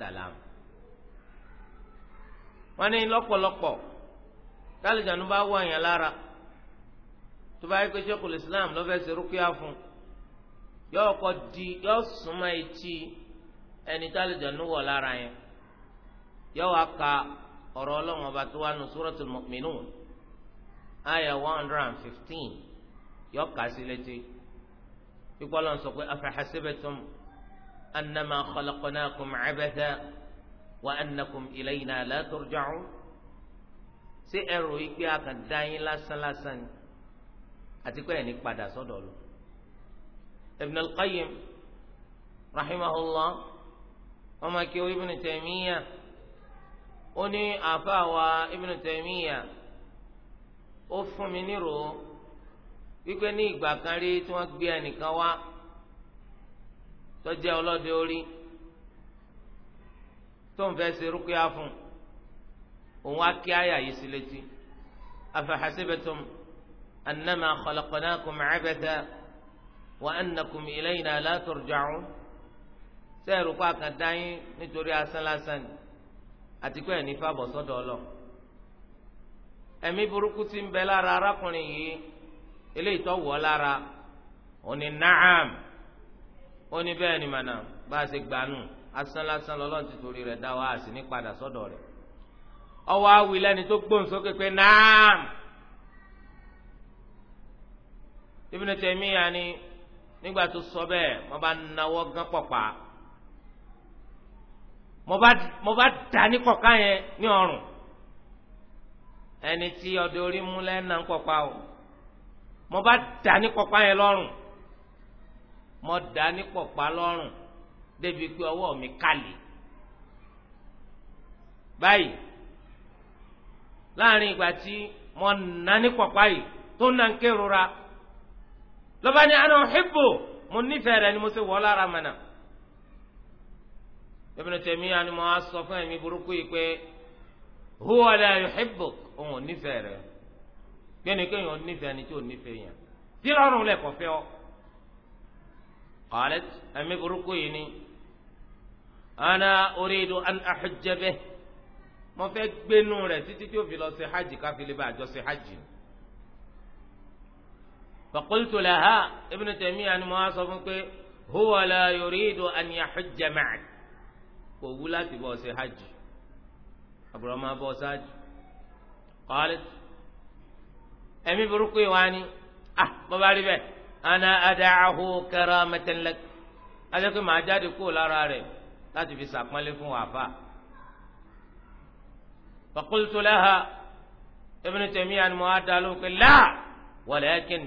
wọ́n ní lọ́pọ̀lọpọ̀ tálejànú bá wọ̀ yẹn lára tó bá yẹ pé sẹ́kùl islam ló fẹ́ ṣe rúkìá fún yóò kọ́ di yóò súnmọ́ etí ẹni tá a lè dànù wọ̀ lára yẹn yóò wá ka ọ̀rọ̀ ọlọ́run ọba tó wà nù suratul mu'minun ayà one hundred and fifteen yóò kà sí létí pípọ́ lọ́n sọ pé afahasibatum annama khalaqnakum abatha wa annakum ilayna la turja'un sí ẹrù yìí pé a kàn dá yín lásán ni àti pé ẹni padà sọ́dọ̀ lọ. Ibn al-Qayyim rahimahullah wọ́n máa kí o Ibn Taymiyyah ó ní àáfàá wa Ibn Taymiyyah ó fún mi nírò wípé ní ìgbà kan rí tí wọ́n gbé ẹnìkan wá tó jẹ́ ọlọ́dẹ orí tó ń fẹ́ ṣe rúkúyà fún òun á kí àyà yìí sí létí afahasibatum. أنما خلقناكم عبثا وأنكم إلينا لا ترجعون sẹ́ẹ̀rù pa kàn dá yín nítorí asán lásán ni àti pé ẹ̀ní fàbọ̀ sọ́dọ̀ ọlọ. ẹ̀mí burúkú ti ń bẹ lára arákùnrin yìí eléyìí tó wọ̀ lára òní naam ó ní bẹ́ẹ̀ ni mànà bá a ṣe gbanú asán lásán lọ́lọ́run ti torí rẹ̀ dá wa àsì ní padà sọ́dọ̀ rẹ̀ ọwọ́ awì lẹ́ni tó gbóhùn sókè pé naam. Ibn ya ni nígbà tó sọ bẹ́ẹ̀ mo bá nawọ́ gán pọ̀pá mo bá dà ní kọ̀ọ̀ká yẹn ní ọrùn ẹni tí ọdẹ orí mú lẹ́nà ń o mo bá dà ní kọ̀ọ̀ká yẹn lọ́rùn mo dà ní pọ̀pá lọ́rùn débi pé ọwọ́ mi kàlè báyìí láàrin ìgbà tí mo nà ní pọ̀pá yìí tó nà lọ́ba ni àná òhìbò mo nífẹ̀ẹ́ rẹ̀ ni mo ṣe wọ́ lára mọ̀nà. Ibn Taymiyyah ni mo á sọ fún ẹ̀mí burúkú yìí pé huwa la yuhibbuk òun ò nífẹ̀ẹ́ rẹ̀ gbẹ́ni kéèyàn ò nífẹ̀ẹ́ ni tí ò nífẹ̀ẹ́ yẹn tí lọ́rùn lẹ̀ kọ́ fẹ́ ọ́. qalat ẹ̀mí burúkú yìí ni ana uridu an ahujja bih mo fẹ́ gbénu rẹ̀ títí tí ó fi lọ ṣe hajj káfílẹ̀ bá hajj ni faqultu laha ibn Taymiyyah ni mo á sọ fún pé huwa la yuridu an yahujja ma'ak kò wú láti bọ́ ṣe hajj àbúrò máa bọ́ ṣe hajj qalat ẹ̀mí burúkú yìí wá ní ah bàbá rí bẹ́ẹ̀ ana ada'ahu karamatan lak adékò máa jáde kúrò lára rẹ̀ láti fi sàpọ́nlé fún wàfà faqultu laha ibn Taymiyyah ni mo á dá lóko la walakin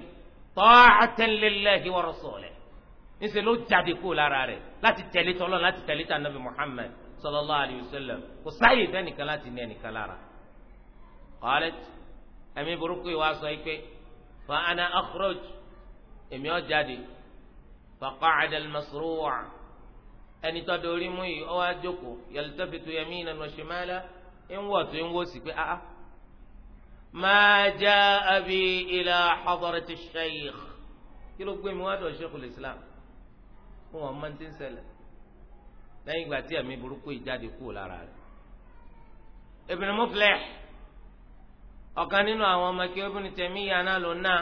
ta'atan lillahi wa rasulihi níṣẹ́ ló jáde kó lára rẹ̀ láti tẹ̀lé tọ́lọ́ láti tẹ̀lé tà nàbì Muhammad sallallahu alayhi wa sallam kò sáyè fẹ́nìkan láti ní ẹnìkan lára. qalat ẹ̀mí burúkú yìí wá sọ yìí pé fa ana akhruj èmi ọ̀ jáde fa qa'ada al ẹni tó dorí mú yìí ọ̀ wá jókòó yaltafitu yaminan wa shimala ń wọ̀ tó ń wọ́ sí pé áá ما جاء بي إلى حضرة الشيخ kí ló gbé mi wá dọ̀ Sheikhul Islam fún wọn máa ń ti ń ṣẹlẹ̀ lẹ́yìn ìgbà tí ẹ̀mí burúkú ìjáde kúrò lára rẹ̀ Ibn Muflih ọ̀kan nínú àwọn ọmọ kí Ibn Taymiyyah náà ló ná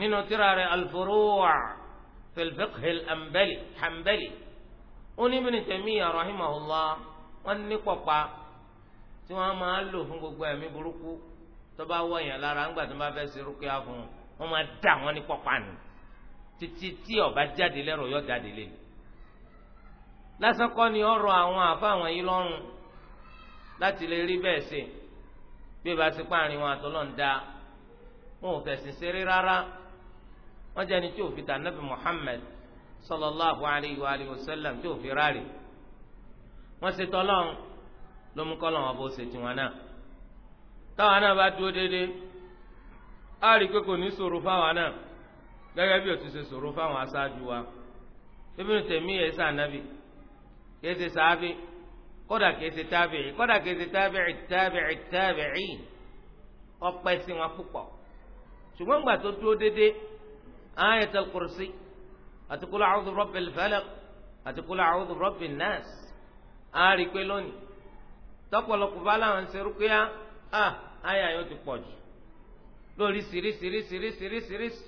nínú tírà rẹ̀ al-Furu' fi al-Fiqh al-Hanbali Hanbali ó ní Ibn Taymiyyah rahimahullah wọ́n ní pọ̀pá tí wọ́n máa lò fún gbogbo ẹ̀mí burúkú tó bá wọ èèyàn lára ńgbà tó bá fẹ́ ṣe rúkìá fún un wọ́n máa dà wọ́n ní pọ́pá ni títí tí ọba jáde lẹ́rọ yọ jáde lé lásán kọ́ ni ọ̀rọ̀ àwọn àfa àwọn yìí lọ́rùn láti lè rí bẹ́ẹ̀ ṣe bí ìbá sí páàrin wọn àtọ́lọ́ ń da wọn ò fẹ̀sìn ṣeré rárá wọ́n jẹ́ ni tí òfin tànàbí Muhammad sallallahu alayhi wa sallam tí òfin rárẹ̀ wọ́n ṣe tọ́lọ́run ló mú kọ́ lọ́wọ́ bó ṣe tiwọn náà táwọn náà bá dúró á rí i pé kò ní fáwọn náà gẹ́gẹ́ bí ti ṣe ṣòro fáwọn aṣáájú wa Ibn Taymiyyah ẹ̀ sànàbì kìí ṣe sàábì kódà kìí ṣe tábìrì kódà kìí ṣe tábìrì tábìrì tábìrì sí wọn púpọ̀ ṣùgbọ́n Kursi tọpọlọpọ bá láwọn ń serú pé á àyà yóò ti pọ̀ jù lórí sírísírísírísírísírísí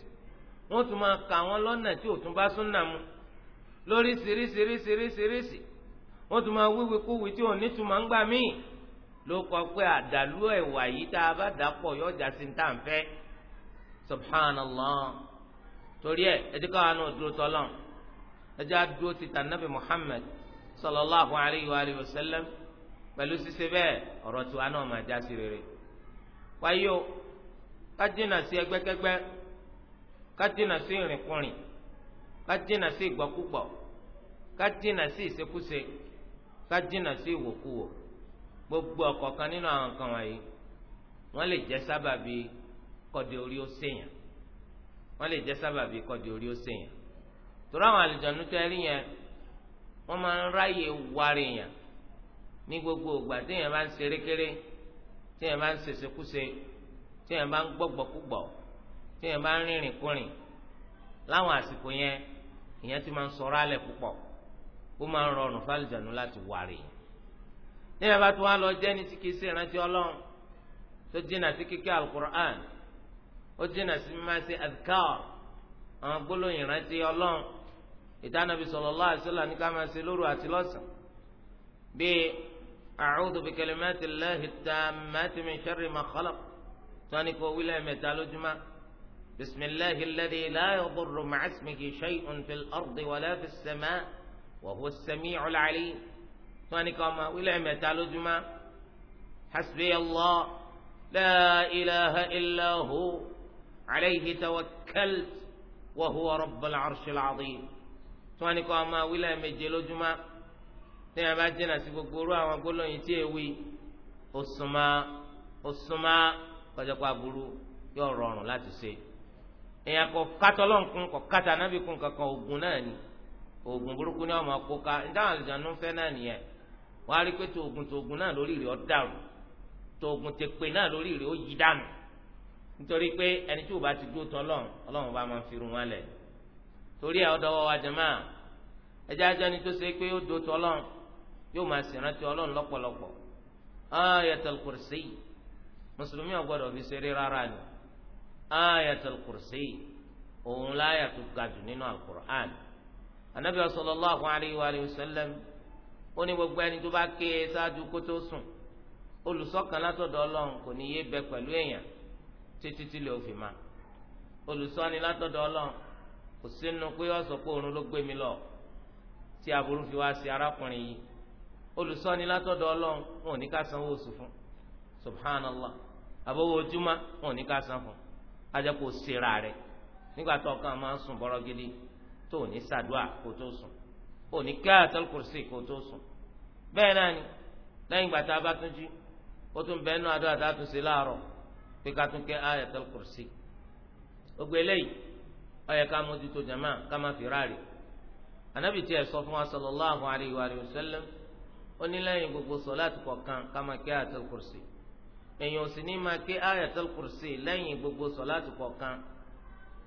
wọ́n tún máa kà wọ́n lọ́nà tí òtún bá súnà mu lórí sírísírísírísírísí wọ́n tún máa wíwí kúwí tí òní tún máa ń gbà míì ló kọ pé àdàlú ẹ̀wà yìí tá a bá dà pọ̀ yóò já sí tá à ń fẹ́ subhanallah torí ẹ ẹdíkà wà náà dúró tọ́lọ́n ẹjẹ́ àdúró ti tà nàbì Muhammad sallallahu alayhi wa sallam pẹ̀lú ṣíṣe bẹ́ẹ̀ ọ̀rọ̀ tiwa náà máa já sí rere wáyé o ká dínà sí ẹgbẹ́kẹ́gbẹ́ ká dínà sí ìrìnkúrìn ká dínà sí ìgbọ́kúgbọ̀ ká dínà sí ìṣekúṣe ká dínà sí ìwòkuwò gbogbo ọ̀kọ̀ọ̀kan nínú àwọn nǹkan wọ̀nyí wọ́n lè jẹ́ sábàbí kọ́dé orí ó ṣèyàn wọ́n lè jẹ́ sábàbí kọ́dé orí ó ṣèyàn torí àwọn àlùjànnú tẹ́ rí yẹn wọ́n máa ń ráyè wárí yẹn ní gbogbo ìgbà téèyàn bá ń ṣe rékéré téèyàn bá ń ṣèṣekúṣe téèyàn bá ń gbọ́gbọ́kúgbọ̀ téèyàn bá ń rìnrìn kúrìn láwọn àsìkò yẹn ìyẹn ti máa ń sọ̀rọ̀ alẹ̀ púpọ̀ ó máa ń rọrùn fálìjànú láti wárí téèyàn bá tún wá lọ jẹ́ ní tí kìí ṣe ìrántí ọlọ́run tó jìnnà sí kíké alukur'an ó jìnnà sí mímá sí adkar àwọn gbólóyìn ìrántí ọlọ́run ìtànàbí sallallahu alaihi wasallam ní ká máa ṣe lóru àti lọ́sàn bíi أعوذ بكلمات الله التامات من شر ما خلق ثانيك وولا متالجما بسم الله الذي لا يضر مع اسمه شيء في الأرض ولا في السماء وهو السميع العليم ثانيك وما ولا حسبي الله لا إله إلا هو عليه توكلت وهو رب العرش العظيم ثانيك وما ولا tí wọn bá jìnnà sí gbogbo orú àwọn gbólóyìn tí èwe osùnmá osùnmá kọjọpọ aburú yóò rọrùn láti ṣe èèyàn kò kátó lọ́nkún kò kátó kankan oògùn náà ni oògùn burúkú ni wọn máa kó ká nítawọn àlùjánu fẹ́ náà nìyẹn wọn á rí pé tó oògùn náà lórí ti dúró tán bá máa wọn torí máa yóò máa sì rántí ọlọ́run lọ́pọ̀lọpọ̀ ayatul kursi mùsùlùmí ò gbọ́dọ̀ fi ṣeré rárá ni ayatul kursi òun láyà tó ga jù nínú alukur'an anabi sallallahu alayhi wa sallam ó ní gbogbo ẹni tó bá ké e ṣáájú kó tó sùn olùsọ́kan látọ̀dọ̀ ọlọ́run kò ní yé bẹ pẹ̀lú èèyàn títí tí lè fi máa olùsọ́ni látọ̀dọ̀ ọlọ́run kò sínú pé ọ̀sọ̀ pé òun ló gbé mi lọ tí aburú fi wá sí arákùnrin yìí olùsọ́ni látọ̀dọ̀ ọlọ́run wọn ò ní ká sanwó oṣù fún subhanallah àbówó ojúmọ́ wọn ò ní ká san fún ajá sera rẹ̀ nígbà tó ọkàn máa ń sùn bọ́rọ̀ gidi tó ò ní sàdúà kó tó sùn ò ní ká kó tó sùn bẹ́ẹ̀ náà ni lẹ́yìn ìgbà tá a bá tún ó tún bẹ́ẹ̀ tá a tún ṣe láàárọ̀ pé ká tún kẹ́ jama ká má fi ráàlì sọ fún wa sallallahu alayhi ó ní lẹ́yìn gbogbo sọ̀láàtì kọ̀ọ̀kan ká máa ké àyàtọ̀ kùrùsì èèyàn ò sì ní máa ké àyàtọ̀ kùrùsì lẹ́yìn gbogbo sọ̀láàtì kọ̀ọ̀kan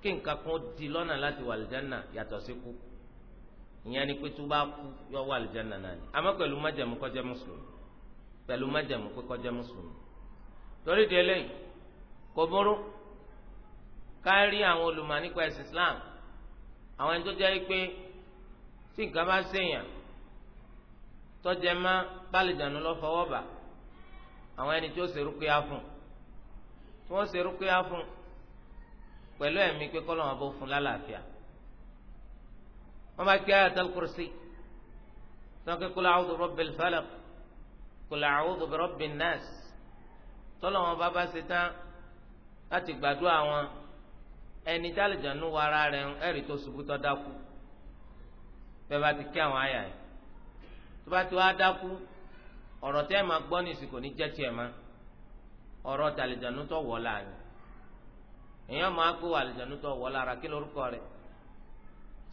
kí nǹkan kan di lọ́nà láti wà àlùjánnà yàtọ̀ sí kú ìyẹn ni pé tó bá kú yọ wà àlùjánnà náà ni àmọ́ pẹ̀lú májẹ̀mú kó jẹ́ mùsùlùmí pẹ̀lú májẹ̀mú pé mùsùlùmí torí di eléyìí kò burú ká rí àwọn olùmọ̀ nípa ẹ̀sìn Islam àwọn ẹni tó jẹ́ pé tí nǹkan bá ṣèyàn tọ́jẹ́ má pálíjànú lọ fọwọ́ bà àwọn ẹni tí ó ṣerú pé á fún tí wọ́n ṣerú pé á fún pẹ̀lú ẹ̀mí pé kọ́ lọ́wọ́ bó fún lálàáfíà wọ́n bá kí ayatul kursi tọ́ kí kul a'udhu birabbil falaq kul a'udhu birabbin nas tọ́lọ̀ wọn bá bá ṣe tán láti gbàdúrà wọn ẹni tí àlìjànú wọ ara rẹ̀ ẹ̀rí tó ṣubú tó dákú bẹ́ẹ̀ bá ti kí àwọn àyà yìí. tuba ti wa daku ɔrɔ tɛ ma gbɔ ni sikoni jɛ tiɛ ma ɔrɔ ti alijanutɔ wɔ la ni èyàn ma kó alijanutɔ wɔ la ara kele orukɔ rɛ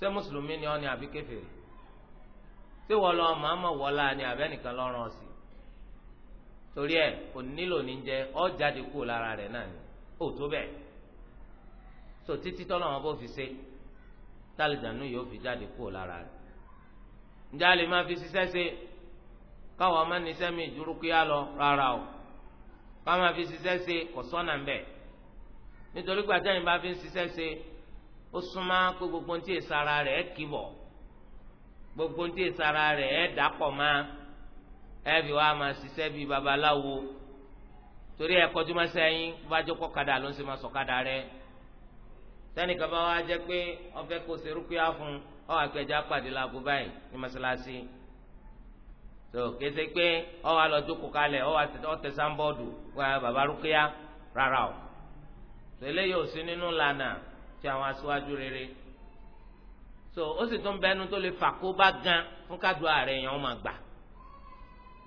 sɛ mùsùlùmí ni ɔni àbí kéferì tí wɔlọ ma ma wɔ la ni àbẹ nìkan lɔrùn ɔsì torí ɛ kò nílò ní jɛ ɔjà di kó lara rɛ so títí tɔlɔ wọn fi se tí alijanu yóò fi jáde kó lara ǹjẹ́ ma fi ṣiṣẹ́ se káwọn ọmọ níṣẹ́ lọ rárá o ká fi ṣiṣẹ́ se kò sọ́nà ń bẹ̀ nítorí fi ó gbogbo ohun tí rẹ̀ gbogbo ohun tí rẹ̀ dàpọ̀ mọ́ ẹ fi wá máa ṣiṣẹ́ babaláwo torí ẹ kọjú kadà ló ń ọ àpẹjà pàdé láago báyìí ní masalasi. So kése pé ọ wà lọ jókòó kalẹ̀ ọ tẹ sáńbọ́ọ̀dù wà bàbá rúkìá rárá o tẹ́lẹ̀ yóò sí nínú lànà tí àwọn aṣáájú rere so ó sì tún bẹnu tó lè fàkóbá gan fún kájú ààrẹ yẹn ọmọ àgbà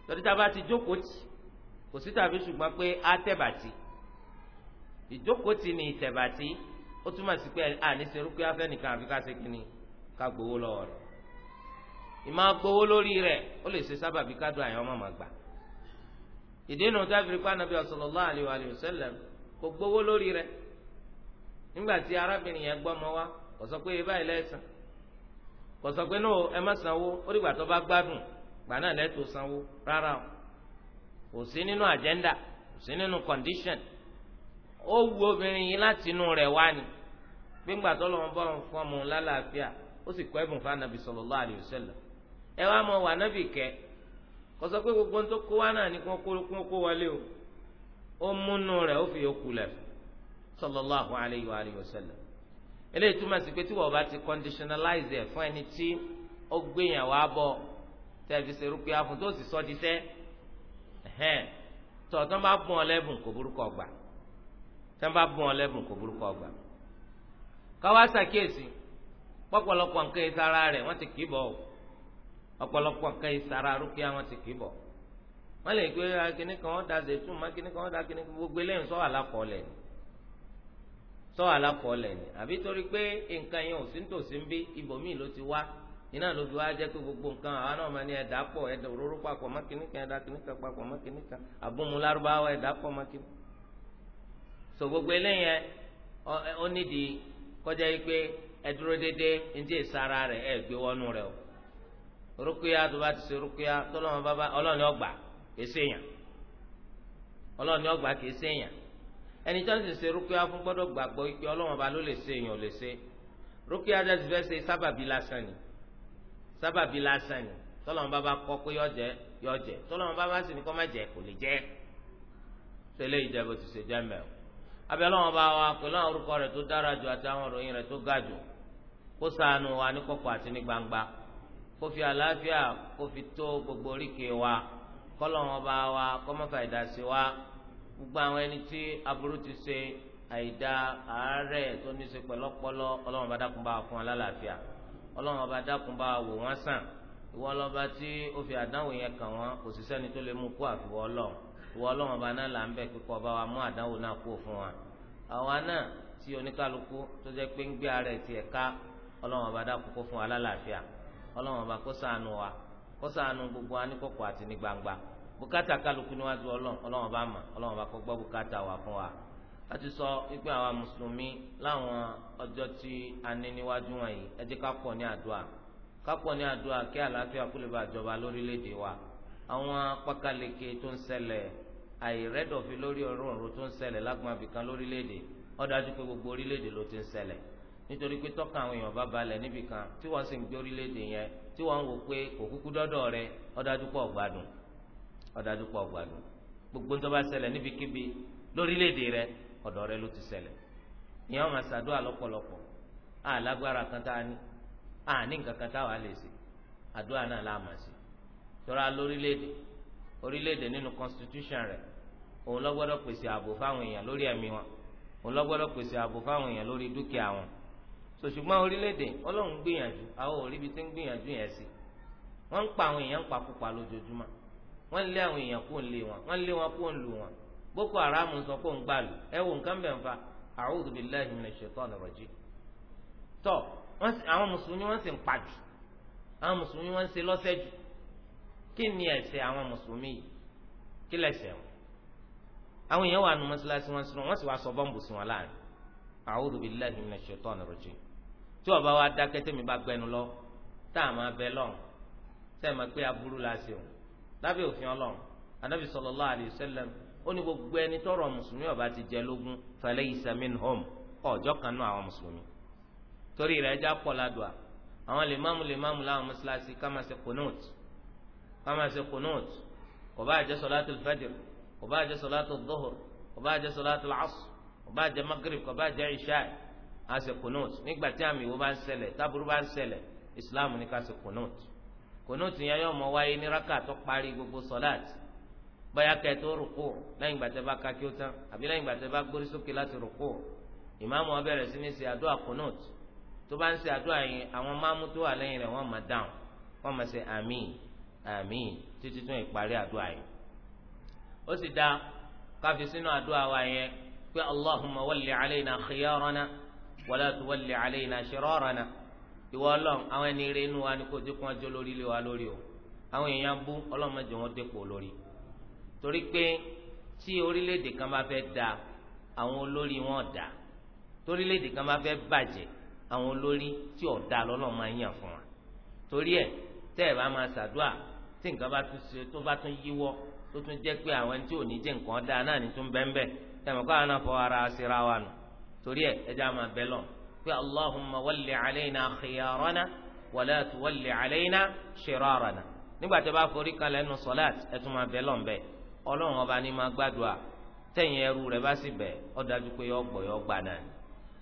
torí tá a bá ti jókòó tì kò sí tàbí ṣùgbọ́n pé á tẹ̀bàtì ìjókòó tì ní ìtẹ̀bàtì ó túmọ̀ sí pé àníṣerúkú afẹ́nìkan àfi ká ṣe kínní ká gbowó lọ́wọ́ rẹ̀ ìmọ̀ gbowó lórí rẹ̀ ó lè ṣe sábàbí ká dùn àyàn mọ̀mọ́ gbà ìdènà tábìlì pànàbí sallallahu alaihi wa sallam kò gbowó lórí rẹ̀ nígbà tí arábìnrin yẹn gbọ́ ọmọ wa kò sọ pé báyìí lẹ́sàn kò sọ pé náà ẹ má sanwó ó dìgbà tó o kò sí nínú àjẹ́ndà kò sí nínú kọ̀ǹdíṣàn ó wu obìnrin ó sì kọ ẹ̀bùn fún anabi sallallahu alayhi ẹ wá mọ̀ wà nábì kó sọ pé gbogbo tó kó wá náà ni kó kó o ó múnú fi sallallahu alayhi wa alihi eléyìí túmọ̀ sí pé ti conditionalize ẹ̀ fún ẹni tí ó gbéyàn wá bọ̀ tẹ̀fi ṣe tó sì sọ di sẹ́ tán bá bùn kò burúkọ gbà tán bá bùn ọpọlọpọ nǹkan ìsara rẹ̀ wọn ti kìbọ í bọ̀ ọ̀pọ̀lọpọ̀ nǹkan ìsara rúkìá wọ́n ti kì í lè gbé akíní ah, kan wọ́n da kan da kan gbogbo eléyìí sọ alákọ̀ọ́lẹ̀ ni sọ alákọ̀ọ́lẹ̀ ni àbí torí pé nǹkan yẹn ò sí nítòsí ń bí ibòmíì ló ti wá iná ló fi wá gbogbo nǹkan àwọn náà máa ní òróró papọ̀ kan kan ẹ dúró dédé ntí ìsara rẹ ẹ gbé wọnú rẹ o rúkúyà tó bá ti ṣe rúkúyà tọlọmọ bàbá ọlọ́ọ̀ni ọgbà kìí ṣèyàn ọlọ́ọ̀ni ọgbà kìí ṣèyàn ẹni tó ń sì ṣe rúkúyà fún gbọ́dọ̀ gbàgbọ́ ikpe ọlọ́wọ́n bá ló lè ṣe èèyàn ò lè ṣe rúkúyà dá ti fẹ́ ṣe sábàbí lásán ni sábàbí lásán ni tọlọmọ bàbá kọ pé yọ jẹ yọ jẹ tọlọmọ bàbá sì ní kọ́ má jẹ kò lè jẹ tẹlẹ ìjẹ́bù ti ṣe jẹ́ mẹ́rin abẹ́ ọlọ́wọ́n bá wa pẹ̀lú àwọn orúkọ rẹ̀ tó dára jù àti àwọn òròyìn rẹ̀ tó ga jù kó ṣàánú wa ní kọ̀kọ̀ àti ní gbangba kó fi àlàáfíà kó fi tó gbogbo oríkèé wa kọ́lọ́wọ́n bá wa kọ́mọ́fà ìdásí wa gbogbo àwọn ẹni tí aburú ti ṣe àìdá àárẹ̀ tó ní í ṣe pẹ̀lú ọpọlọ ọlọ́wọ́n bá dákun bá wa fún wa lálàáfíà ọlọ́wọ́n bá dákun bá wa wò wọ́n sàn ìwọ ọlọ́ba tí ó fi àdánwò yẹn kàn wọ́n kò sí sẹ́ni tó lè mú kú àfiwọ́ ọlọ́run ìwọ ọlọ́run ọba náà là ń bẹ̀ kíkọ́ ọba wa mú àdánwò náà kú fún wa àwa náà tí oníkálukú tó jẹ́ pé ń gbé ara ẹ̀ tiẹ̀ ká ọlọ́run ọba dákun kó fún wa lálàáfíà ọlọ́run ọba kó ṣàánú wa kó ṣàánú gbogbo wa ní kọ̀kọ̀ àti ní gbangba bùkátà kálukú níwájú ọlọ́run ọlọ́run ọba mà ọlọ́run ọba kó gbọ́ bùkátà wa fún wa a ti sọ wípé àwa mùsùlùmí láwọn ọjọ́ tí a ní níwájú wọn yìí ẹ jẹ́ ká pọ̀ ní àdúrà ká pọ̀ ní àdúrà kí àlàáfíà kó lè bá jọba lórílẹ̀‐èdè wa àwọn pákáleke tó ń ṣẹlẹ̀ àìrẹ́dọ̀fin lórí ọ̀rọ̀ tó ń ṣẹlẹ̀ lágbọ̀n àbìkan lórílẹ̀‐èdè ó pé gbogbo orílẹ̀‐èdè ló ti ń ṣẹlẹ̀ nítorí pé tọ́kàn àwọn èèyàn bá balẹ̀ níbì kan tí wọ́n sì ń gbé orílẹ̀-èdè yẹn tí wọ́n ń wò pé òkúkú dọ́dọ̀ rẹ ọ̀dàdúpọ̀ ọ̀gbádùn ọ̀dàdúpọ̀ ọ̀gbádùn gbogbo tó bá ṣẹlẹ̀ níbikíbi lórílẹ̀-èdè rẹ ọ̀dọ̀ rẹ ló ti ṣẹlẹ̀ ìyẹn wọn máa ṣàdúrà lọ́pọ̀lọpọ̀ a lágbára kan tá a ní a ní nǹkan kan táwa lè ṣe àdúrà náà la máa ṣe tọ́ra lórílẹ̀-èdè orílẹ̀-èdè nínú constitution rẹ̀ òun sòṣùgbọ́n orílẹ̀-èdè ọlọ́run gbìyànjú àwọn òríbi tí ń gbìyànjú yẹn sí wọ́n ń pa àwọn èèyàn ń pakópa lójoojúmọ́ wọ́n lé àwọn èèyàn kó ń lé wọn wọ́n lé wọn kó ń lù wọn boko haram sọ kó ń gbà lù ẹ wo nǹkan bẹ̀ ń fa a'udhu billahi minash shaitani rajim tọ́ àwọn mùsùlùmí wọ́n sì ń pa jù àwọn mùsùlùmí wọ́n ṣe lọ́sẹ̀ jù kí ni ẹ̀ṣẹ̀ àwọn mùsùlùmí yìí kí lẹ̀ṣẹ̀ wọn àwọn èèyàn wà nù mọ́ṣáláṣí wọn sí wọn sì wá sọ bọ́ǹbù sí wọn láàrin a'udhu billahi minash shaitani rajim tí ọba wa dákẹ́ tẹ̀mí bá gbẹnu lọ tá a máa bẹ lọ́hùn tẹ́ ẹ máa pé aburú la ṣe o lábẹ́ òfin ọlọ́run anabi sallallahu alayhi wa sallam ó ní gbogbo ẹni tọrọ mùsùlùmí ọba ti jẹ lógún falaysa minhum ọjọ́ kan náà àwọn mùsùlùmí torí rẹ̀ ẹja pọ̀ ládùá àwọn lèmáàmù lèmáàmù láwọn mọ́ṣáláṣí ká máa ṣe kùnúùt ká máa ṣe kùnúùt kò bá jẹ́ sọ̀látù fajr kò bá jẹ́ sọ̀látù dhuhr kò bá jẹ́ sọ̀látù asr kò bá jẹ́ maghrib kò bá jẹ́ ìṣáì a ṣe kunut nígbà tí àmì wo bá ń ṣẹlẹ̀ táburú bá ń ṣẹlẹ̀ islam ní ká ṣe kunut kunut yẹn yóò mọ wáyé ní raka tó parí gbogbo sọláàt báyà kẹ́ tó rúkú lẹ́yìn ìgbà tẹ́ bá ka kí ó tán àbí lẹ́yìn ìgbà tẹ́ bá gbórí sókè láti rúkú ìmáàmù ó bẹ̀rẹ̀ sí ní ṣe àdúrà kunut tó bá ń ṣe àdúrà yẹn àwọn máàmú tó wà lẹ́yìn rẹ̀ wọ́n máa dáhùn wọ́n máa ṣe àmín àmín títí tún ìparí àdúrà yẹn ó sì dá káfí sínú àdúrà wa yẹn pé allahumma walli alayna khiyarana wala tuwalli alayna shirarana ìwọ ọlọ́run àwọn ẹni rẹ inú wa ni kò dín kún ọjọ́ lórí ilé wa lórí o àwọn èèyàn bú ọlọ́run mẹ́jọ wọn dépò lórí torí pé tí orílẹ̀-èdè kan bá fẹ́ da àwọn olórí wọn da torílẹ̀-èdè kan bá fẹ́ bàjẹ́ àwọn olórí tí ò da lọ́lọ́run máa yàn fún wa torí ẹ̀ tẹ́ ẹ̀ bá máa ṣàdúà tí nǹkan bá tún ṣe tó bá tún yíwọ́ tó tún jẹ́ pé àwọn ẹni tí ò ní jẹ́ nǹkan da náà ní tún bẹ́ńbẹ́ tẹ̀mọ̀kọ́ àwọn náà fọ ara ṣe ra wa nù torí ẹ ẹja máa bẹ lọ pé allahumma walli alayna khiyarana wala tuwalli alayna shirarana nígbà tí a bá forí kalẹ̀ nù sọ́láàt ẹ tún máa bẹ lọ nbẹ ọlọ́run ọba ni máa gbàdúrà tẹ̀yìn ẹrú rẹ̀ bá sì bẹ̀ ọ́ dájú pé yọ gbọ́ yọ gbà náà ni.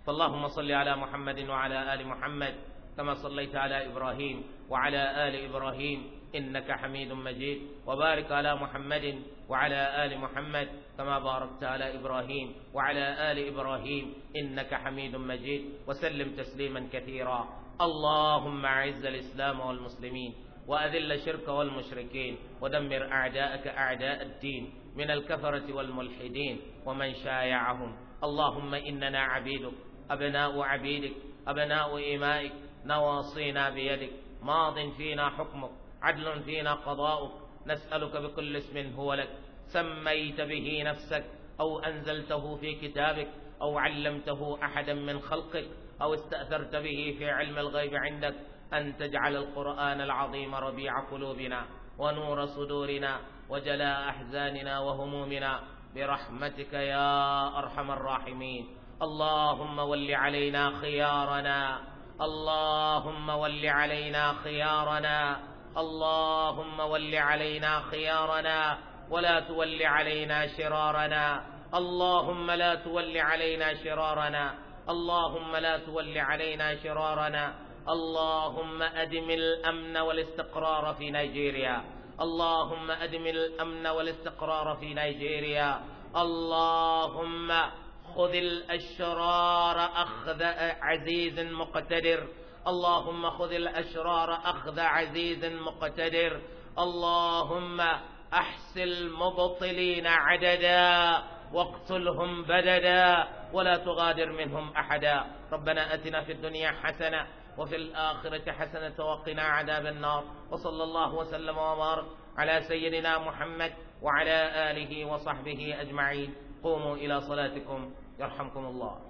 فاللهم صل على محمد وعلى آل محمد كما صليت على إبراهيم وعلى آل إبراهيم إنك حميد مجيد وبارك على محمد وعلى آل محمد كما باركت على إبراهيم وعلى آل إبراهيم إنك حميد مجيد وسلم تسليما كثيرا اللهم أعز الإسلام والمسلمين وأذل الشرك والمشركين ودمر أعداءك أعداء الدين من الكفرة والملحدين ومن شايعهم اللهم إننا عبيدك أبناء عبيدك أبناء إمائك نواصينا بيدك ماض فينا حكمك عدل فينا قضاؤك نسألك بكل اسم هو لك سميت به نفسك أو أنزلته في كتابك أو علمته أحدا من خلقك أو استأثرت به في علم الغيب عندك أن تجعل القرآن العظيم ربيع قلوبنا ونور صدورنا وجلاء أحزاننا وهمومنا برحمتك يا أرحم الراحمين اللهم ول علينا خيارنا اللهم ول علينا خيارنا اللهم ول علينا خيارنا ولا تول علينا شرارنا اللهم لا تول علينا شرارنا اللهم لا تول علينا شرارنا اللهم أدم الأمن والاستقرار في نيجيريا اللهم أدم الأمن والاستقرار في نيجيريا اللهم خذ الأشرار أخذ عزيز مقتدر اللهم خذ الأشرار أخذ عزيز مقتدر اللهم أحس المبطلين عددا واقتلهم بددا ولا تغادر منهم أحدا ربنا أتنا في الدنيا حسنة وفي الآخرة حسنة وقنا عذاب النار وصلى الله وسلم وبارك على سيدنا محمد وعلى آله وصحبه أجمعين قوموا إلى صلاتكم يرحمكم الله